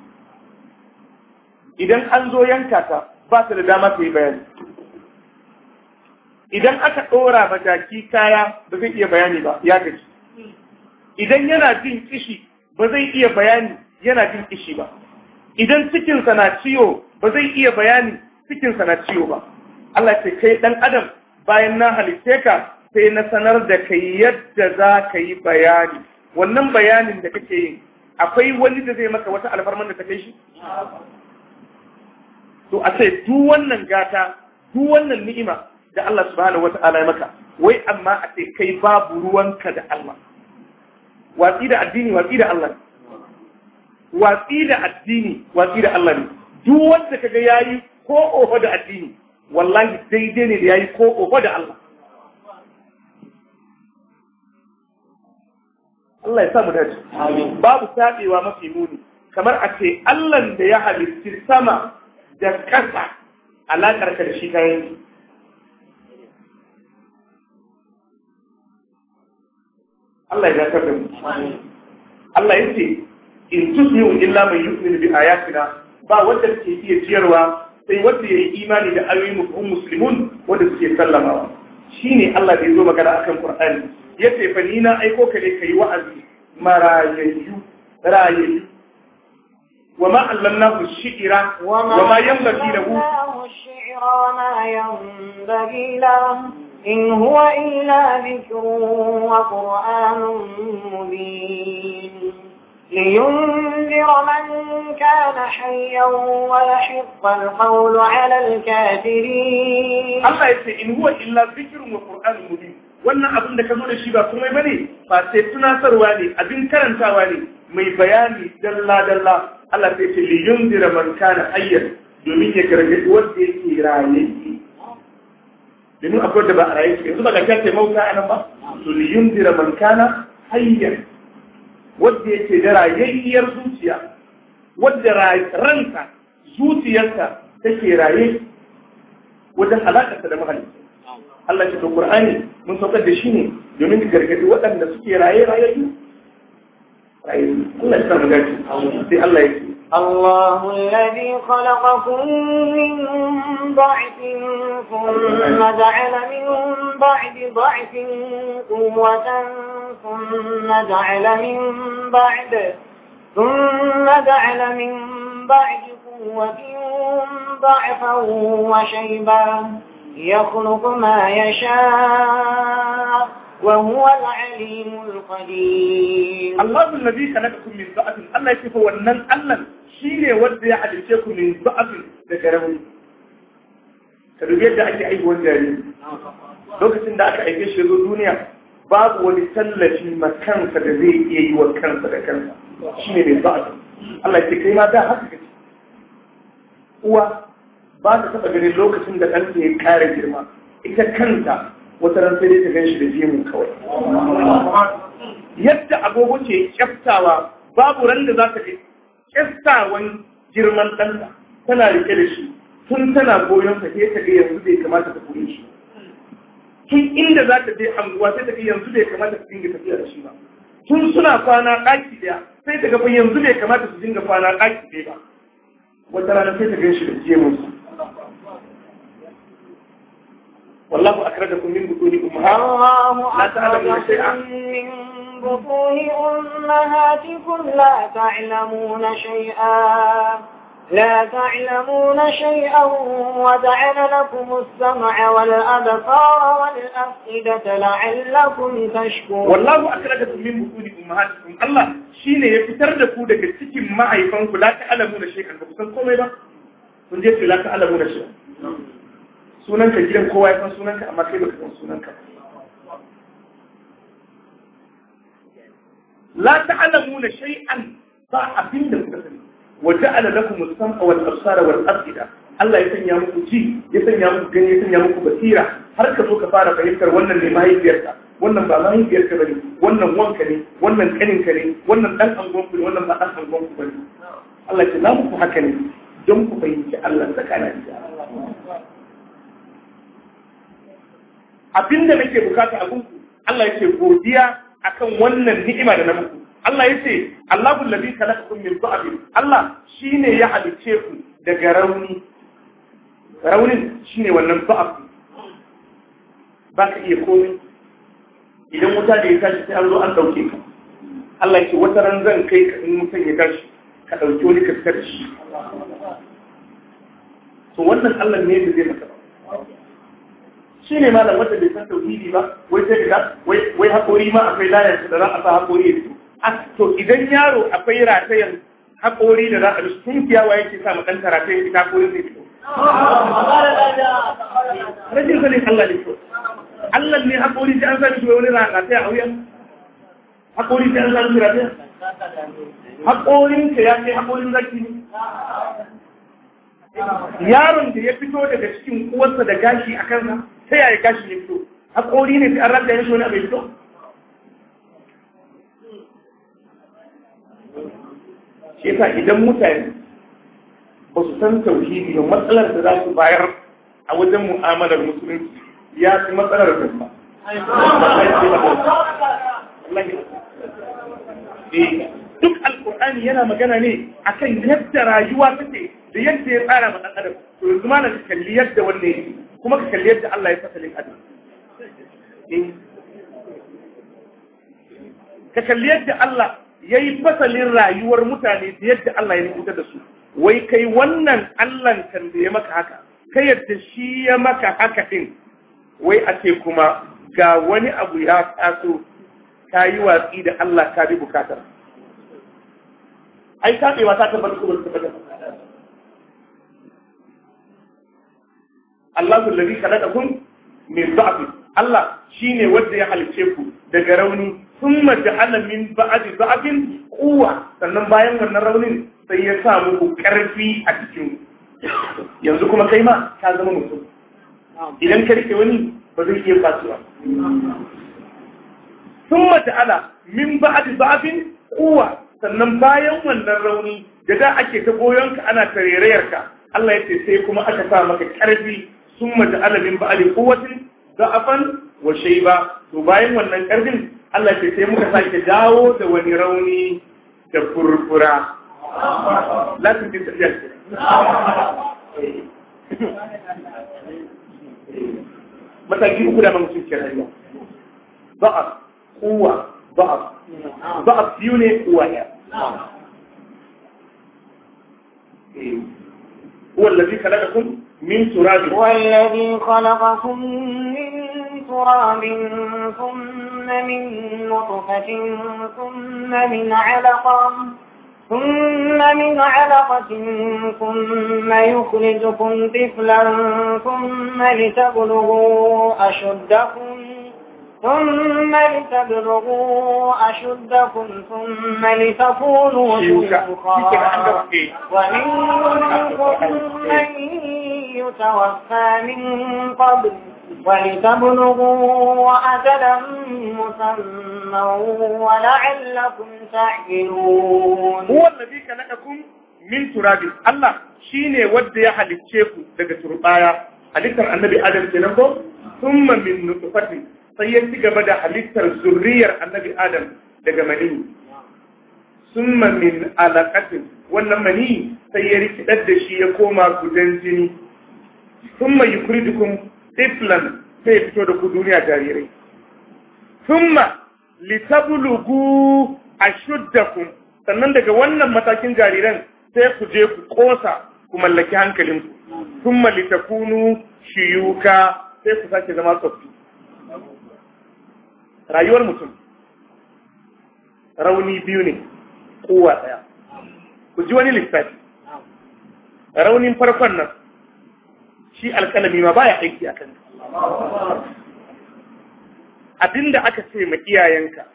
idan an zo yanka ta ba su da dama su yi bayani idan aka ɗora mataki kaya ba zai iya bayani ba ya gaji idan yana jin kishi ba zai iya bayani yana jin kishi ba idan cikinsa na ciwo ba zai iya bayani cikinsa na ciwo ba Allah ce kai ɗan adam bayan na halitte ka sai na sanar da kai yadda za ka yi bayani wannan bayanin da kake yi akwai wani da zai maka wata alfarman da ta kai shi to a sai duk wannan gata duk wannan ni'ima da Allah subhanahu wata'ala ya maka wai amma a ce kai babu ruwanka da Allah watsi da addini watsi da Allah ne watsi da addini watsi da Allah ne duk wanda kaga yayi ko oho da addini wallahi daidai ne da yayi ko oho da Allah Allah ya samu dace babu sabewa mafi muni kamar a ce Allah da ya halitta sama da ƙasa alaƙar ka da shi kayan Allah ya dakatar da mu Allah ya ce in tusmi'u illa mai yu'minu bi ayatina ba wanda ke iya ciyarwa sai wanda ya yi imani da ayoyin musulmun wanda suke sallamawa ne Allah da ya zo magana akan Qur'ani ya ce fa ni na aiko ka ne yi wa'azi marayayyu rayayyu wa ma allamnahu shi'ira? wa ma yanbaghi lahu shi'ra ma lahu إن هو إلا ذكر وقرآن مبين لينذر من كان حيا ويحق القول على الكافرين الله يسي إن هو إلا ذكر وقرآن مبين wannan abin da ka zo da shi ba komai bane ba sai tunatarwa ne abin karantawa ne mai bayani dalla dalla Allah sai ce li kana domin ya gargadi wanda yake rayaye domin akwai da ba a rayu yanzu ba ga kyakkyar mauta a nan ba to liyun dira man kana hayyar wadda yake da rayayyar zuciya wanda ranta zuciyarta take raye wajen alaƙarsa da mahalicci Allah ce to Qur'ani mun saukar da shi ne domin gargadi waɗanda suke raye rayayyu raye Allah ya sa mu sai Allah ya ce الله الذي خلقكم من ضعف ثم جعل من بعد ضعف قوة ثم جعل من بعد ثم جعل من بعد قوة ضعفا وشيبا يخلق ما يشاء وهو العليم القدير الله الذي خلقكم من ضعف الله يكفى wannan Allah shine wanda ya halice ku min ضعف da karamin ka dubi yadda ake aiwuwar jariri lokacin da aka aike shi duniya babu wani tallafi ma da zai iya kansa da kansa ضعف Allah ya kai ma da haka kace uwa ba ta taba ganin lokacin da ɗanta ya kare girma ita kanta wata ran sai dai ta ganshi da jimin kawai yadda agogo ce kyaftawa babu ran da za ta kai kyaftawan girman ɗanta tana rike da shi tun tana goyon sa sai ta ga yanzu bai kamata ta kure shi tun inda za ta je anguwa sai ta ga yanzu bai kamata ta dinga tafiya da shi ba tun suna kwana ɗaki ɗaya sai ta ga yanzu bai kamata su dinga kwana ɗaki ɗaya ba wata rana sai ta ganshi da gemunsa والله أخرجكم من بطون أمهاتكم لا تعلمون شيئا من بطون أمهاتكم لا تعلمون شيئا لا تعلمون شيئا وجعل لكم السمع والأبصار والأفئدة لعلكم تشكرون والله أخرجكم من بطون أمهاتكم الله شيء يفتر لكم daga cikin mahaifanku la ta'lamuna shay'an ba kusan komai ba kun je la ta'lamuna shay'an sunanka gidan kowa ya san sunanka amma kai baka san sunanka la ta'lamuna shay'an ba abinda kuka sani wa ja'ala lakum as-sam'a wal absara wal afida Allah ya sanya muku ji ya sanya muku gani ya sanya muku basira har ka zo ka fara fahimtar wannan ne mahaifiyarka wannan ba mahaifiyarka bane wannan wanka ne wannan kaninka ne wannan dan angonku ne wannan ba dan angonku bane Allah ya ce na muku haka ne don ku fahimci Allah tsakanin da abinda nake bukata a gunku Allah yake godiya akan wannan ni'ima da na muku Allah yace Allahu allazi khalaqakum min dha'fin Allah shine ya halice ku daga rauni raunin shine wannan dha'f ba ka iya komai idan wuta da ya tashi sai an zo an dauke ka Allah yace wata ran zan kai ka in mutum ya tashi ka dauke wani ka tashi shi to wannan Allah ne da zai maka ba shi ne malam da bai san tauhidi ba wai sai ka wai haƙori ma akwai layar da za a sa haƙori ya fito to idan yaro akwai ratayan haƙori da za a rusu tun wa yake sa ɗan karatu ya fita ko zai fito. Rashin sanin Allah ne ko. Allah ne haƙori sai an sa shi wani rataya a wuyan. Haƙori sai an sa shi rataya. Haƙorin ka ya kai haƙorin zaki ne. Yaron da ya fito daga cikin uwarsa da gashi a kansa. sai ya yi kashi ya fito haƙori ne sai an rabta ya shi wani fito shi yasa idan mutane ba su san tauhidi ba matsalar da za su bayar a wajen mu'amalar musulunci ya fi matsalar da ba eh, duk alkur'ani yana magana ne akan yadda rayuwa take da yadda ya tsara ma ɗan adam to yanzu ma na kalli yadda wannan yake kuma ka kalli yadda Allah ya fasalin adam eh. ka kalli yadda Allah ya yi fasalin rayuwar mutane da yadda Allah ya rubuta da su wai kai wannan Allahn kan da ya maka haka ka yadda shi ya maka haka din wai a ce kuma ga wani abu ya taso ka yi watsi da Allah ka bi bukatar ai kaɗewa ta tabbatar da ta Allahu alladhi khalaqakum min da'f Allah shi ne wanda ya halice ku daga rauni thumma ja'ala min ba'di da'fin kuwa sannan bayan wannan raunin sai ya sa muku karfi a cikin yanzu kuma kai ma ka zama mutum idan ka rike wani ba zai iya fasuwa thumma ala min ba'di da'fin kuwa sannan bayan wannan rauni da da ake ta goyonka ana tarerayarka Allah ya ce sai kuma aka sa maka karfi ثم جعل من بعد قوة ضعفا وشيبا to bayan wannan karfin Allah ke sai muka sake dawo da wani rauni da furfura latin din uku da mamacin ke rayuwa ba'af biyu ne kuwa من تراب هو الذي خلقكم من تراب ثم من نطفة ثم من علقة ثم من علقة ثم يخرجكم طفلا ثم لتبلغوا أشدكم ثم لتبلغوا أشدكم ثم لتكونوا شيوخا ومنكم من يتوفى من قبل ولتبلغوا أجلا مسمى ولعلكم تعقلون هو الذي خلقكم min turabin Allah shine wanda ya halicce ku daga turbaya halittar annabi Adam ke kenan ko thumma min nutfatin sai ya ci gaba da halittar zurriyar annabi Adam daga mani thumma min alaqatin wannan mani sai ya rikidar da shi ya koma gudan jini thumma yukridukum tiflan sai fito da ku duniya jarirai a litablugu ku sannan daga wannan matakin jariran sai ku je ku kosa ku mallaki hankalinku thumma litakunu shiyuka sai ku sake zama tsoffi rayuwar mutum rauni biyu ne kowa daya ku ji wani lissafi raunin farkon nan shi alkalami ma baya aiki a abin abinda aka ce ma iyayenka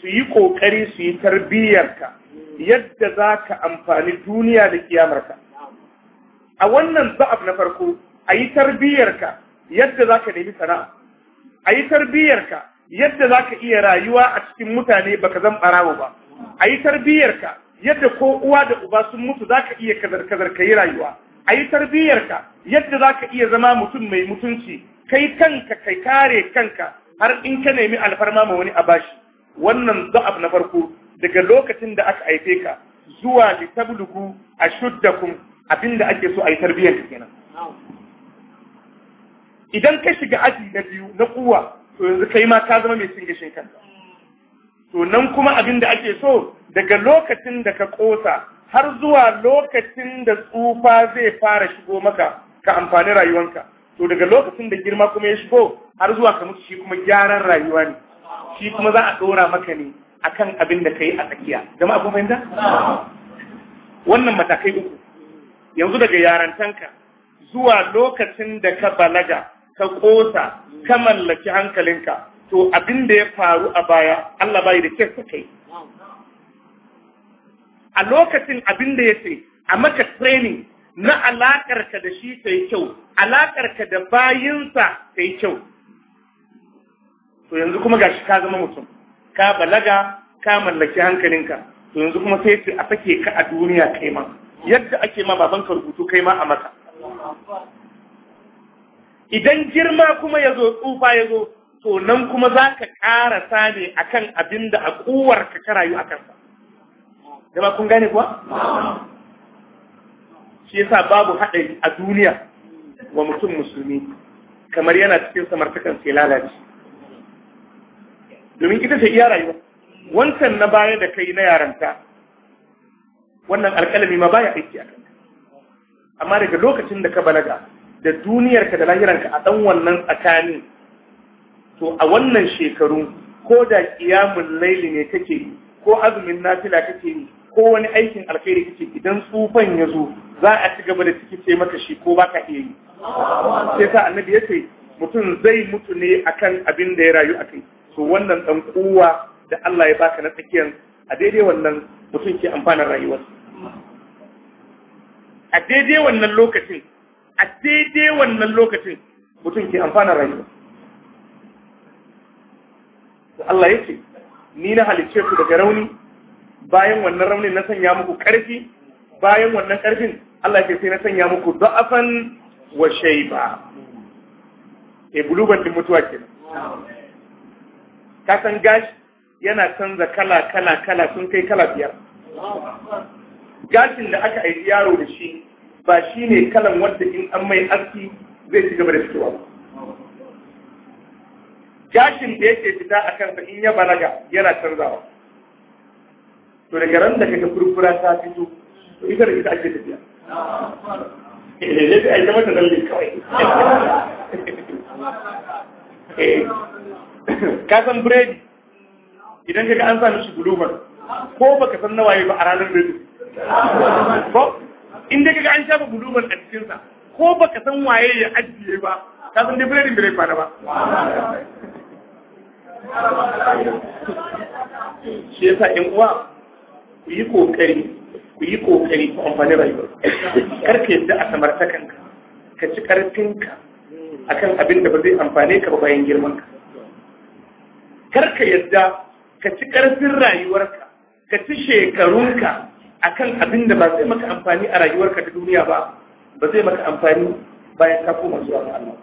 su yi kokari su yi tarbiyyarka yadda za ka amfani duniya da kiyamarka a wannan za'af na farko a yi tarbiyyarka yadda za ka nemi sana'a a yi tarbiyyarka yadda za ka iya rayuwa a cikin mutane baka zan barawo ba a yi tarbiyyarka yadda ko uwa da uba sun mutu za ka iya kazar-kazar ka yi rayuwa a yi tarbiyyarka yadda za ka iya zama mutum mai mutunci kai kanka kai kare kanka har in ka nemi alfarma ma wani a bashi wannan za'ab na farko daga lokacin da aka haife ka zuwa li tablugu ashuddakum abinda ake so a yi tarbiyyar kenan idan ka shiga aji na biyu na kuwa to yanzu kai ma ka zama mai cin gashin kanka to nan kuma abin da ake so daga lokacin da ka kosa har zuwa lokacin da tsufa zai fara shigo maka ka amfani rayuwanka to daga lokacin da girma kuma ya shigo har zuwa ka mutu shi kuma gyaran rayuwa ne shi kuma za a ɗora maka ne kan abin da ka yi a tsakiya jama'a kun fahimta wannan matakai uku yanzu daga yarantanka zuwa lokacin da ka balaga ka ƙosa ka mallaki hankalinka to abin da ya faru a baya Allah bai da kyau kai a lokacin abin da ya ce a maka training na alakarka da shi ta yi kyau alakarka da bayinsa ta yi kyau to yanzu kuma gashi ka zama mutum ka balaga ka mallaki hankalinka to yanzu kuma sai ce a sake ka a duniya kai ma yadda ake ma babanka rubutu kai ma a maka idan girma kuma ya zo tsufa ya zo to nan kuma za ka Sani ne akan abin da a ka rayu a kansa jama kun gane kuwa shi yasa babu haɗari a duniya wa mutum musulmi kamar yana cikin samartakan sai lalace domin ita ce iya rayuwa wancan na baya da kai na yaranta wannan alƙalami ma baya aiki a kan. amma daga lokacin da ka balaga da duniyarka da lahiranka a ɗan wannan tsakanin to a wannan shekaru ko da ƙiyamun laili ne kake yi ko azumin nafila kake yi ko wani aikin alkhairi kake idan tsufan ya zo za a ci gaba da tikice maka shi ko baka iya yi sai sa annabi ya ce mutum zai mutu ne akan abin da ya rayu akai to wannan dan kowa da Allah ya baka na tsakiyar a daidai wannan mutum ke amfanar rayuwar. a daidai wannan lokacin a daidai wannan lokacin mutum ke amfanar rayuwa Allah ya ce ni na halicce ku daga rauni bayan wannan raunin na sanya muku ƙarfi bayan wannan ƙarfin Allah ke sai na sanya muku da'afan wa shaiba e buluban din mutuwa ke ka san gashi yana canza kala kala kala sun kai kala biyar gashin da aka aiki yaro da shi ba shi ne kalan wanda in an mai aski zai ci gaba da fitowa gashin da yake fita a kansa in ya balaga yana canzawa to daga ran da kaga furfura ta fito to ita da ita ake tafiya eh sai mata lalle kawai eh, ka san biredi idan kaga an sa shi gulubar ko baka san nawaye ba a ranar biredi ko in dai kaga an shafa gulubar a cikin sa ko baka san waye ya ajiye ba ka san da biredin biredi fara ba shi yasa yan uwa ku yi kokari ku yi kokari ku amfani rayuwar karka yadda a samartakanka ka ci karfinka akan abin da ba zai amfane ka ba bayan girman ka karka yadda ka ci karfin rayuwarka ka ci shekarunka akan abin da ba zai maka amfani a rayuwarka ta duniya ba ba zai maka amfani bayan ka koma zuwa ga Allah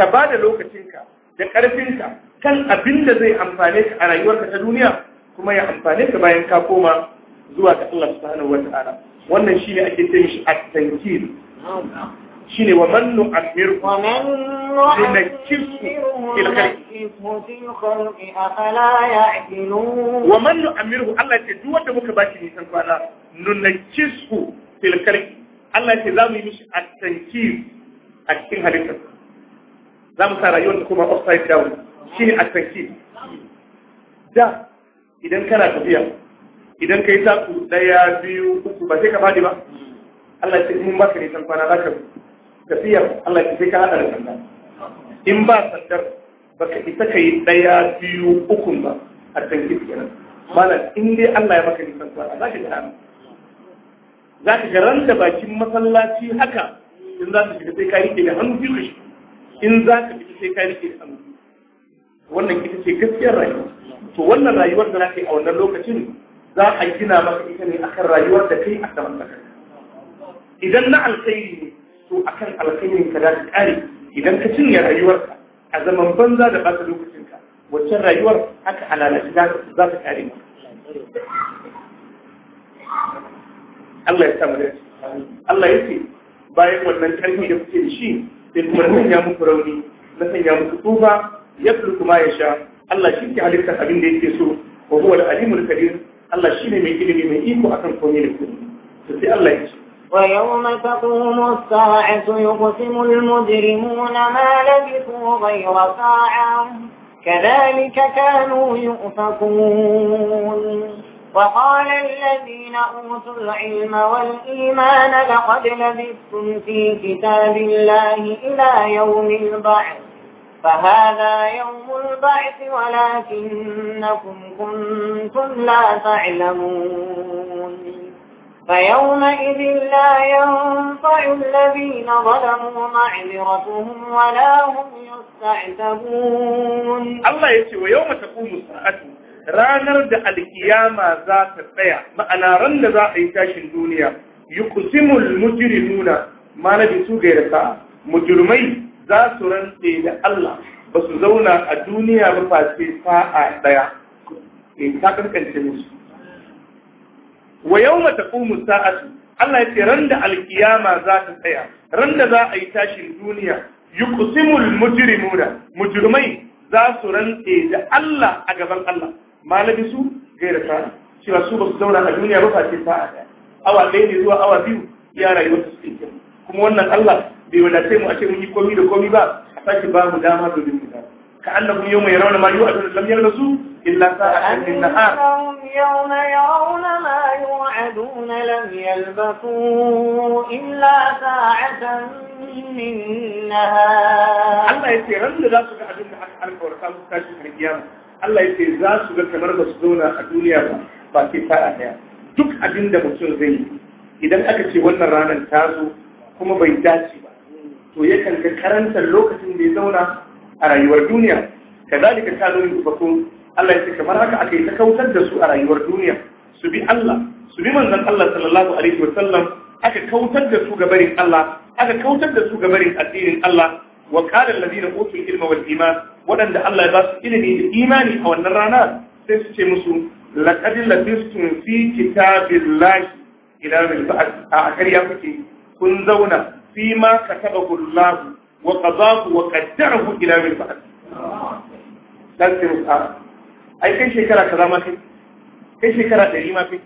ka ba da lokacinka da karfinka kan abin da zai amfane ka a rayuwarka ta duniya kuma ya amfane ka bayan ka koma zuwa ga Allah subhanahu wata'ala wannan shine ake ce mishi at-tankil shine wa man nu'ammirhu wa man nu'ammirhu fil khalqi afala ya'qilun wa man nu'ammirhu Allah ce duk wanda muka baki nisan kwana nunakkisu fil khalqi Allah ce za mu yi mishi at-tankil a cikin halittar za mu sa rayuwar ta kuma upside down shine at-tankil da idan kana tafiya idan yi taku daya biyu uku ba sai ka fadi ba Allah ce in ka nisan kwana za ka tafiya Allah ce sai ka hada da sanda in ba sandar ka isa ka yi daya biyu ukun ba a can ki kenan malam in dai Allah ya maka nisan kwana za ka ga rana za ka ga da bakin masallaci haka in za ka shiga sai ka ke da hannu biyu ka shi in za ka fita sai ka ke da hannu wannan ita ce gaskiyar rayuwa to wannan rayuwar da nake a wannan lokacin za a gina maka ita ne akan rayuwar da kai a saman da idan na alkhairi ne to akan alkhairin ka za ta kare idan ka cinye rayuwarka a zaman banza da ba ta lokacinka waccan rayuwar haka alalaci za ta kare maka Allah ya samu dace Allah ya ce bayan wannan karfi da kuke da shi sai kuma na sanya muku rauni na sanya muku tsufa يخلق ما يشاء الله شيء عليك تقبل ده يسوع وهو العليم الكبير الله شيء من كل من يقوى أكن كوني لكم سبي الله يشاء ويوم تقوم الساعة يقسم المجرمون ما لبثوا غير ساعة كذلك كانوا يؤفكون وقال الذين أوتوا العلم والإيمان لقد لبثتم في كتاب الله إلى يوم البعث فهذا يوم البعث ولكنكم كنتم لا تعلمون فيومئذ لا ينفع الذين ظلموا معذرتهم ولا هم يستعتبون الله يسي ويوم تقوم الساعة ranar da alkiyama za ta tsaya ma'ana ran da za a yi tashin duniya yuqsimul mujrimuna ma nabi su gaira sa'a mujrimai za su rantse da Allah ba su zauna a duniya ba face sa'a ɗaya ne eh, ta kankance musu wa yawma taqumu sa'atu Allah ya ce ran da alkiyama za ta tsaya ran da za a yi tashin duniya yuqsimul mujrimuna mujrimai za su rantse da Allah a gaban Allah malami su gaira ta cewa su ba su zauna a duniya ba face sa'a ɗaya awa ɗaya ne zuwa awa biyu ya rayuwar su kuma wannan Allah bai wadatai mu a ce mun yi komi da komi ba a sake ba mu dama domin mu dama ka Allah annahu yawma yarawna ma yu'adun lam yalbasu illa sa'atan min nahar a يرون ما يوعدون لم يلبثوا إلا ساعة من نهار الله يسير هل لا تقع جمع حركة ورقام تاشي في القيامة Allah ya ce za su ga kamar ba su zauna a duniya ba ba sai sa'a daya duk abin da mutum zai yi idan aka ce wannan ranar ta zo kuma bai dace ba to yakan ga karantar lokacin da ya zauna a rayuwar duniya kazalika kanu yufakun Allah ya ce kamar haka aka yi ta kautar da su a rayuwar duniya su bi Allah su bi manzon Allah sallallahu alaihi sallam aka kautar da su barin Allah aka kautar da su gabarin addinin Allah wa qala alladhina utul ilma wal iman wadanda Allah ya ba su ilimi da imani a wannan rana sai su ce musu laqad labistum fi kitabillahi ila al-ba'd a akariya kuke kun zauna fi ma katabahu wa qadahu wa qaddarahu ila min ba'd dan sai ka ai kai shekara kaza ma kai kai shekara 100 ma kai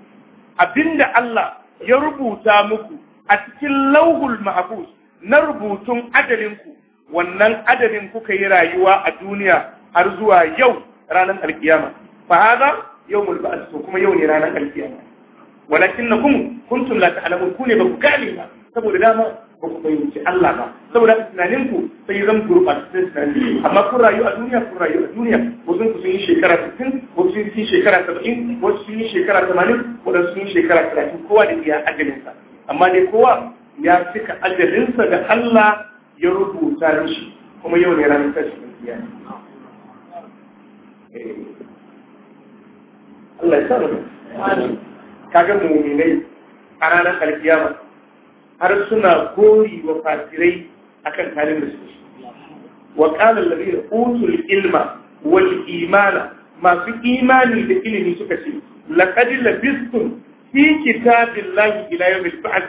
abinda Allah ya rubuta muku a cikin lauhul mahfuz na rubutun ajalinku wannan adalin kuka yi rayuwa a duniya har zuwa yau ranar alkiyama fa hada yawmul ba'th kuma yau ne ranar alkiyama walakin na kun kuntum la ta'lamun ne ba ku gane ba saboda dama ba ku fahimci Allah ba saboda tunanin ku sai zan gurɓata tunani amma kun rayu a duniya kun rayu a duniya wasu ku sun yi shekara 60 wasu sun yi shekara 70 wasu sun yi shekara 80 wadansu sun yi shekara 30 kowa da iya ajalinsa amma dai kowa ya cika ajalinsa da Allah ya rubuta mishi kuma yau ne ranar tashi gaskiya eh. Allah ya sa mu kaga mu ne a ranar alkiyama har suna goyi wa fasirai akan halin da suke wa qala alladhina utul ilma wal imana masu imani da ilimi suka ce laqad labistum fi kitabillahi ila yawmil ba'th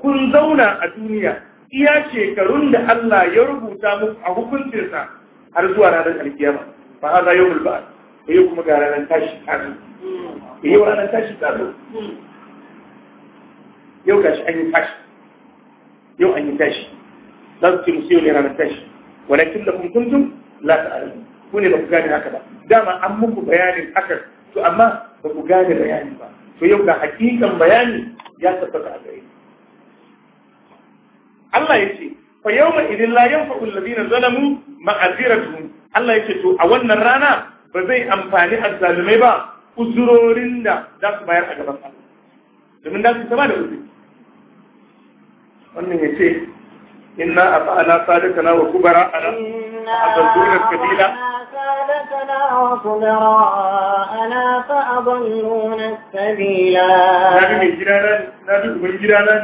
kun zauna a duniya iya shekarun da Allah ya rubuta muku a hukuncinsa har zuwa ranar alkiyama ba a za yau mulba yau kuma ga ranar tashi kazo eh, yau ranar tashi kazo yau gashi an yi tashi yau an yi tashi za su ce musu yau ne ranar tashi walakin da kun kuntum la ta'lamu ku ne ba ku gane haka ba dama an muku bayanin haka to amma ba ku gane bayani ba to yau ga hakikan bayani ya tabbata a gare Allah ya ce fa yau yawma idin la yanfa'u alladhina zalamu ma'aziratuhum Allah ya ce to a wannan rana ba zai amfani azzalumai ba uzurorin da za su bayar a gaban Allah domin da su ta ba da uzuri wannan ya ce inna a fa'ana sadakana wa kubara ana a zartunar kabila na bi mai gida nan na bi uban gida nan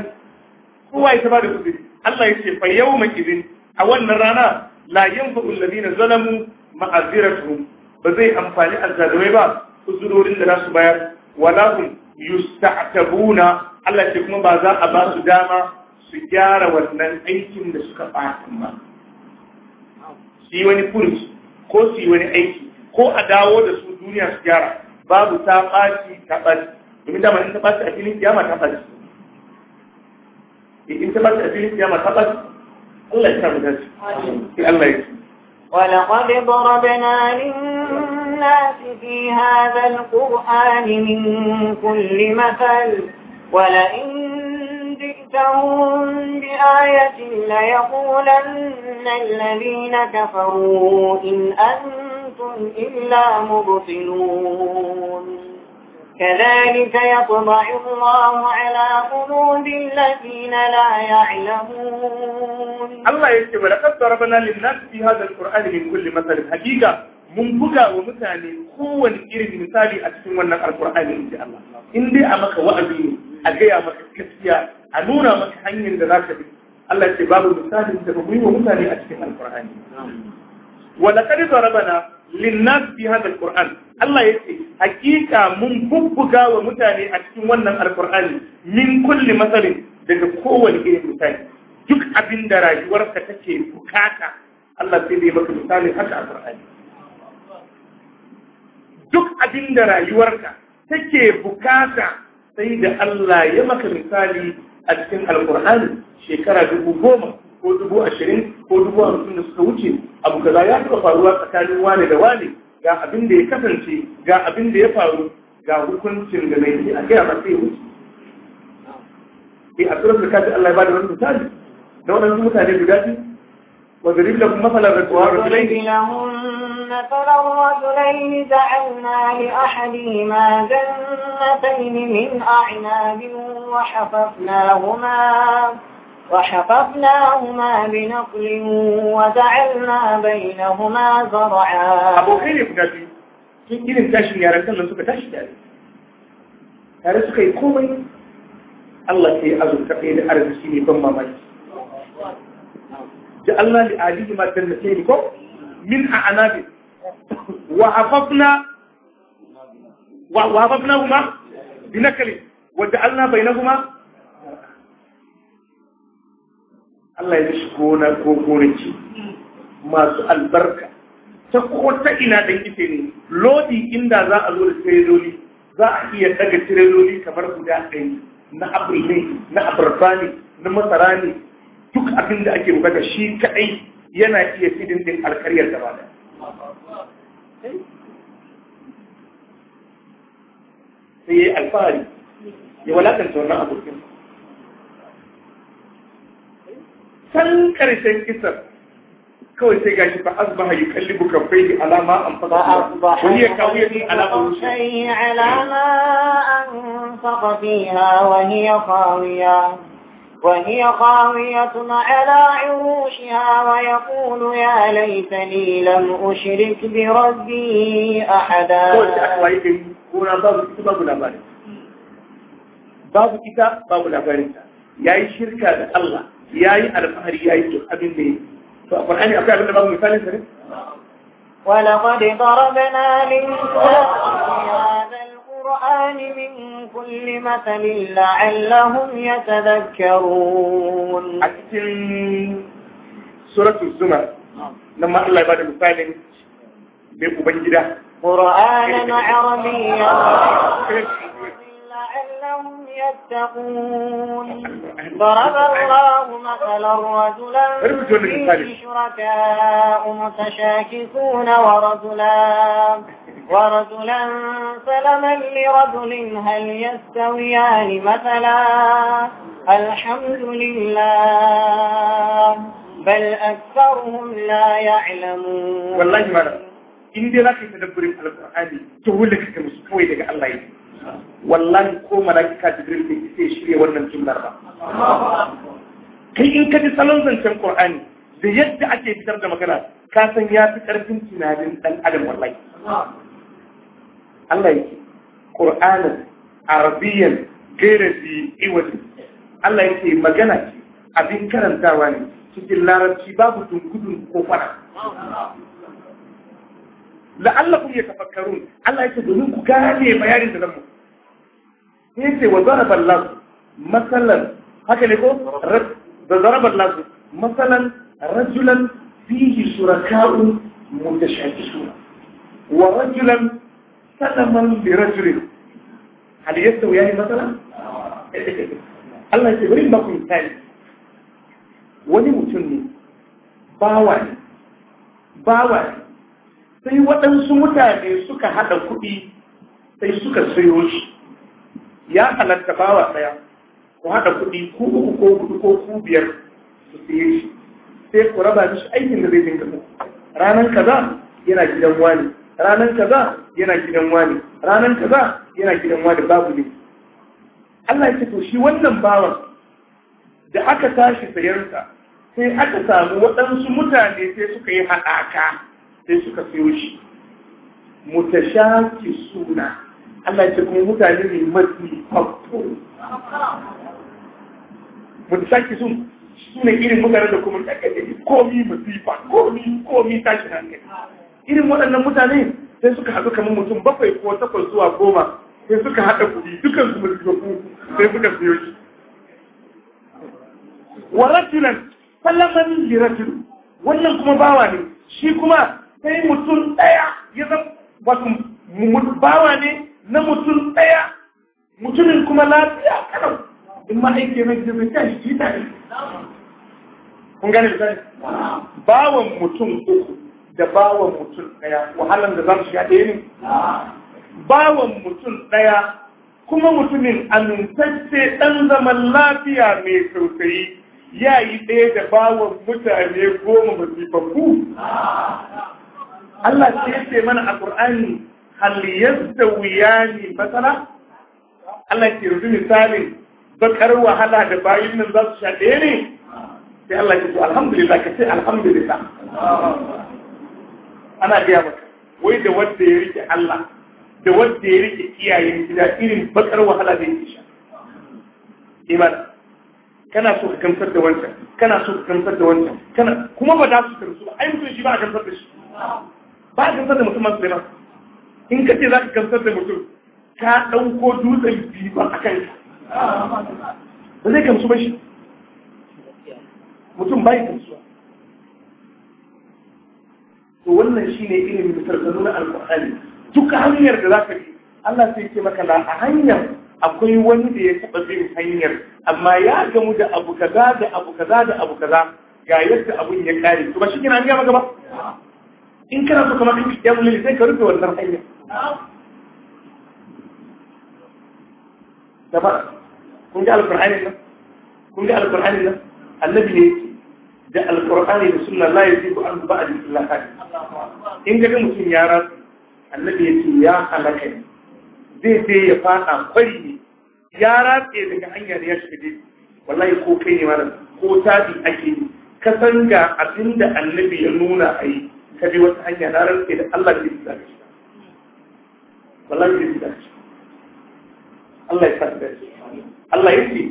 kowa ya ba da kudi Allah ya ce fa yau makizin a wannan rana la yanfa'ul ladina zalamu ma'aziratuhum ba zai amfani azzalumai ba uzurorin da nasu bayar wala hum yusta'tabuna Allah ce kuma ba za a ba su dama su gyara wannan aikin da suka ɓatin ba su yi wani furuci ko su yi wani aiki ko a dawo da su duniya su gyara babu ta ɓaci ta ɓaci domin dama in ta ɓaci a filin kiyama ta ɓaci in ta ɓaci a filin kiyama ta ɓaci Allah ya samu dace sai Allah ya ci ولقد ضربنا للناس في هذا القرآن من كل مثل ولئن جئتهم بآية ليقولن الذين كفروا إن أنتم إلا مبطلون كذلك يطبع الله على قلوب الذين لا يعلمون الله يجب لقد ضربنا للناس في هذا القرآن من كل مثل حقيقة mun buga wa mutane kowane irin misali a cikin wannan alkur'ani in ji Allah in dai a maka wa'azi ne a gaya maka gaskiya a nuna maka hanyar da zaka bi Allah ce babu misalin da mu yi wa mutane a cikin alkur'ani wa laqad darabana linnas fi hadha alquran Allah yace hakika mun bubbuga wa mutane a cikin wannan alkur'ani min kulli masalin daga kowane irin misali duk abin da rayuwarka take bukata Allah sai bai maka misali haka a abin da rayuwarka take bukata sai da Allah ya maka misali a cikin alkur'ani shekara dubu goma ko dubu ashirin ko dubu hamsin da suka wuce abu kaza ya taɓa faruwa tsakanin wane da wane ga abin da ya kasance ga abin da ya faru ga hukuncin da mai a gaya a matsayin wuce eh a surar da Allah ya bada wani misali da wani mutane guda biyu wa zarif lahum masalan rajulain نفر الرجلين دعونا لأحدهما جنتين من أعناب وحففناهما وحففناهما بنقل وجعلنا بينهما زرعا أبو خير يفقاتي كيف تشن يا رجل لنسوك تشن يا رجل رزق يقومي الله كي أزل تقيل أرض سيني بما مجد جعلنا لآله ما تنسيه لكم من أعنابه وحففنا وحففناهما بنكل وجعلنا بينهما Allah ya mishi gona ko gorinci masu albarka ta kota ina ɗan ita ne lodi inda za a zo da tireloli za a iya daga tireloli kamar guda ɗaya. na apple ne na abarba ne na masara ne duk abin da ake bukata shi kaɗai yana iya fidin ɗin alkaryar gaba da sai ya alfahari ya walakanta wannan abokin san karshen kawai sai gashi fa asbaha yukallibu kaffayhi ala وهي خاوية على عروشها ويقول يا ليتني لم أشرك بربي أحدا باب كتاب باب لبارك يا شركة الله يا البحر يا أبن لي فالآن أبقى أبن باب ولقد ضربنا للسلام يأتيان من كل مثل لعلهم يتذكرون سورة الزمر لما الله يبعد مثال بأبن جدا قرآنا عربيا لعلهم يتقون ضرب الله مثلا رجلا فيه شركاء متشاكسون ورجلان ورجلا سلما لرجل هل يستويان مثلا الحمد لله بل أكثرهم لا يعلمون والله ما in dai ka yi tadabburin alƙur'ani ta ka kawai daga Allah yi wallahi ko mala'ika jibril bai sai shirya wannan jumlar ba kai in ka ji salon zancen qur'ani da yadda ake fitar da magana ka san ya fi karfin tunanin dan adam wallahi Allah yake Qur'anin Arabiyan gaira bi iwali Allah yake magana ce abin karantawa ne cikin larabci babu dungudun ko fara la'allakum yatafakkarun Allah yake domin ku gane bayanin da zamu sai ce wa daraba Allah masalan haka ne ko da daraba Allah masalan rajulan fihi shuraka'u mutashabbihun wa rajulan man bi rajulin hal wuya yani matsala? Allah ya ce bari ba ku misali wani mutum ne bawa ne bawa ne sai waɗansu mutane suka haɗa kuɗi sai suka sayo shi ya halatta bawa ɗaya ku haɗa kuɗi ku uku ko huɗu ko ku biyar su siye shi sai ku raba shi aikin da zai dinga ranan kaza yana gidan wani ranan kaza yana gidan wani ranan kaza yana gidan wani babu ne Allah ya ce to shi wannan bawan da aka tashi sayansa sai aka samu waɗansu mutane sai suka yi haɗaka sai suka sayo shi mutashaki suna Allah ya ce kuma mutane ne mafi kwakto mutashaki sun suna irin mutane da kuma ɗaga da komi masifa komi komi tashi hankali irin waɗannan mutane sai suka haɗu kamar mutum bakwai ko takwas zuwa goma sai suka haɗa kuɗi dukan su ku sai suka siyo shi wa rajulan fallaman li rajul wannan kuma bawa ne shi kuma sai mutum ɗaya ya zama wato bawa ne na mutum ɗaya mutumin kuma lafiya kalau in ma aiki yana jirgin kan shi ta ne kun gane misali bawan mutum uku da bawan mutum ɗaya wahalar da za su sha ɗaya ne bawan mutum ɗaya kuma mutumin amintacce ɗan zaman lafiya mai tausayi ya yi ɗaya da bawan mutane goma masifafu? Allah ce ce mana a Ƙur'ani hal wuya ne matsala Allah ke yanzu misalin bakar wahala da bayin nan za su sha ɗaya ne sai Allah ya ce alhamdulillah ka ce alhamdulillah ana gaya maka wai da wanda ya rike Allah da wanda ya rike iyayen gida irin bakar wahala da yake sha imana kana so ka gamsar da wancan kana so ka gamsar da wancan kana kuma ba za su kamsu ba ai mutum shi ba a gamsar da shi ba a gamsar da mutum masu zai in ka ce za ka gamsar da mutum ka ɗauko dutsen ba a kan ba zai kamsu ba shi mutum ba yi kamsuwa to wannan shine ilimin sarkanu na alƙur'ani duk hanyar da zaka bi Allah sai ce maka la a hanyar akwai wani da ya taɓa bin hanyar amma ya gamu da abu kaza da abu kaza da abu kaza ga yadda abun ya kare to ba shi kina ga maka ba in kana so kamar kake ya mulli sai ka rufe wannan hanyar da ba kun ga alqur'ani nan kun ga alqur'ani annabi ne da alkur'ani da sunna la yajibu an ba'd illa hadi in ga mutum ya rasu annabi ya ce ya halaka ne zai je ya faɗa kwari ne ya ratse daga hanyar ya shige wallahi ko kai ne malam ko tabi ake yi ka san ga abinda annabi ya nuna a yi ka bi wata hanya na rantse da Allah ya isa shi wallahi ya isa shi. Allah ya sa Allah ya ce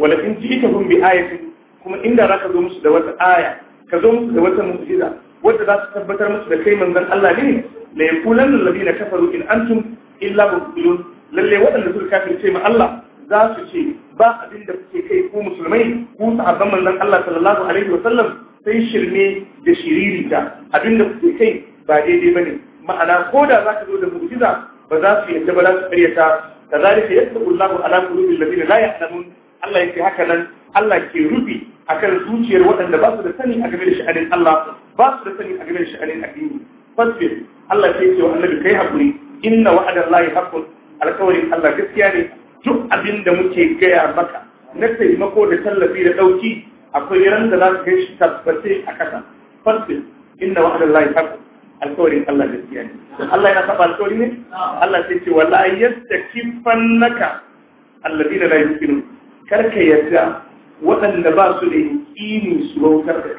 wala in ji ka hun bi ayatin kuma inda za ka zo musu da wata aya ka zo musu da wata mu'jiza wadda za su tabbatar musu da kai manzon Allah ne la yaqulanna alladhina kafaru in antum illa mubtilun lalle waɗanda suka kafirce ma Allah za su ce ba abin da kuke kai ku musulmai ku sahabban manzon Allah sallallahu alaihi wa sallam sai shirme da shiririta abin da kuke kai ba daidai bane ma'ana ko da za ka zo da mu'jiza ba za su yadda ba za su karyata kazalika yasbu Allahu ala qulubi alladhina la ya'lamun Allah yake haka nan Allah ke rubi akan zuciyar waɗanda ba su da sani a game da sha'anin Allah ba su da sani a game da sha'anin addini Fasfe, Allah sai ce wa annabi kai hakuri inna wa'adallahi haqqun alƙawarin Allah gaskiya ne duk abin da muke gaya maka na taimako da tallafi da ɗauki akwai ran da za ka kai shi tabbace a ƙasa Fasfe. inna wa'adallahi haqqun alƙawarin Allah gaskiya ne Allah yana saba alƙawari ne Allah sai ce wa wala yastakifannaka alladina la yuqinun karka yadda waɗanda ba su da yaƙini su bautar da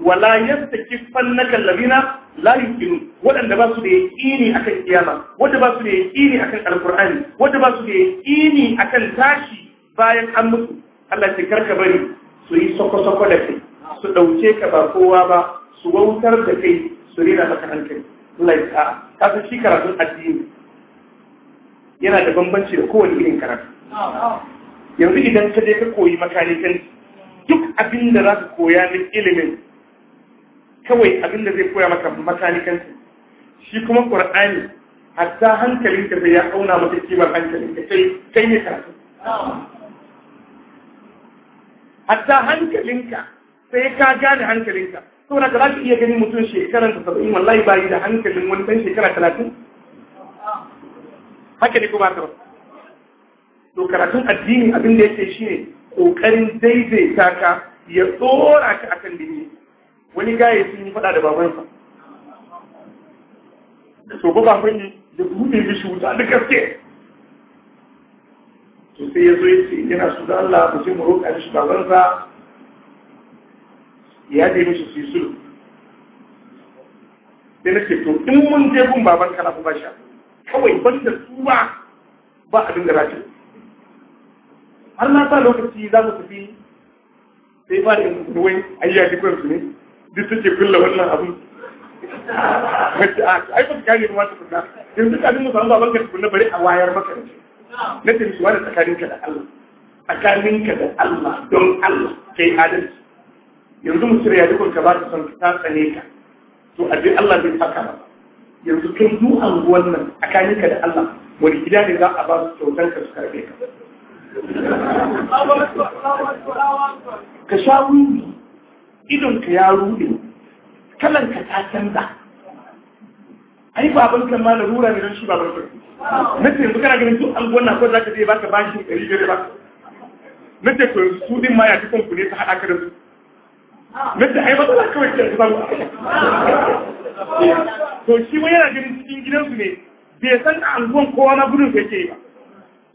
wala yadda kifan na kallabina layin yukinu waɗanda ba su da a kan kiyama wanda ba su da a kan Alƙur'ani, wanda ba su da a kan tashi bayan an mutu Allah ya karka bari su yi sako-sako da kai su ɗauke ka ba kowa ba su wautar da kai su rina maka hankali Allah ya ta'a kasa shi karatun addini yana da bambanci da kowane irin karatu yanzu idan ka je ka koyi makanikan duk abin da za ka koya na ilimin kawai abin da zai koya maka makanikan shi kuma ƙur'ani, hatta hankalin ka ya auna maka kimar hankalin ka sai kai ne karatu hatta hankalinka sai ka gane hankalinka saboda ka za ka iya gani mutum shekaran ta saba'in wallahi bayi da hankalin wani ɗan shekara talatin haka ne ko ba ta ba to karatun addini abin da yake shine kokarin daidaita ka ya tsora ka akan dini wani gaye sun yi fada da babansa to ba baban yi da buɗe shi wuta da gaske to sai ya zo ya ce yana su da Allah ku sai mu roƙa shi babansa ya dai mishi su yi sulhu sai na ce to in mun je gun baban kana ku ba sha kawai banda su ba ba abin da za ta yi har na sa lokaci za mu tafi sai ba da ruwai ayya dukkan su ne duk suke kulla wannan abin wacce a ah, ai ba su yi ba ta kunna yanzu ka dinga ba babanka tukunna bari a wayar maka da shi na tafi wani ka da Allah ka da Allah don Allah kai adalci yanzu mu cire ya dukkan ka ba ta son ta tsane ka to a je Allah bai saka ba yanzu kai du anguwan nan ka da Allah wani gida ne za a ba su ka su karbe ka ka sha wuri idonka ya rude kalanka ta canza ai baban kan ma larura ne don shi baban kan na ce yanzu kana ganin duk anguwan ko za ka je ba ka bashi ɗari gare ba na ce to su din ma ya ci kanku ne ta haɗa ka da su na ce ai matsala kawai ke yanzu babu to shi wani yana ganin cikin gidansu ne bai san anguwan kowa na gudun sai ke ba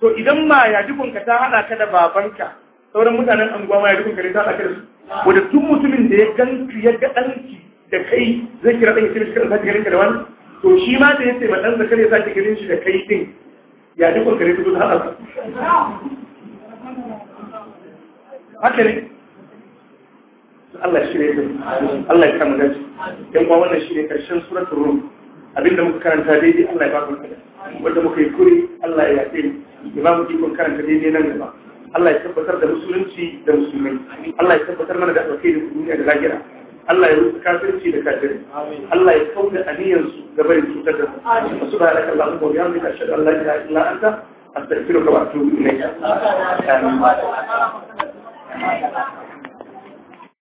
to idan ma ya kunka ta hada ka da babanka sauran mutanen anguwa ma ya dukunka ne ta hada ka da su wanda tun mutumin da ya ganki ya ga danki da kai zai kira dan shi ka sake garin ka da wani to shi ma da yace ma dan zakar ya sake garin shi da kai din ya kunka ne ta hada ka haka ne Allah shi ne Allah ya kama gaji yan kuwa wannan shi ne karshen suratul rum abinda muka karanta daidai Allah ya ba mu wanda muka yi kuri Allah ya yafe imamu ba karanta ne nan gaba Allah ya tabbatar da musulunci da musulmai Allah ya tabbatar mana da alkhairi da duniya da lahira Allah ya rufe kafirci da kafiri Allah ya kauda aniyar su da barin cutar da su subhanaka allahumma wa bihamdika ashhadu an la ilaha illa anta astaghfiruka wa atubu ilayk amin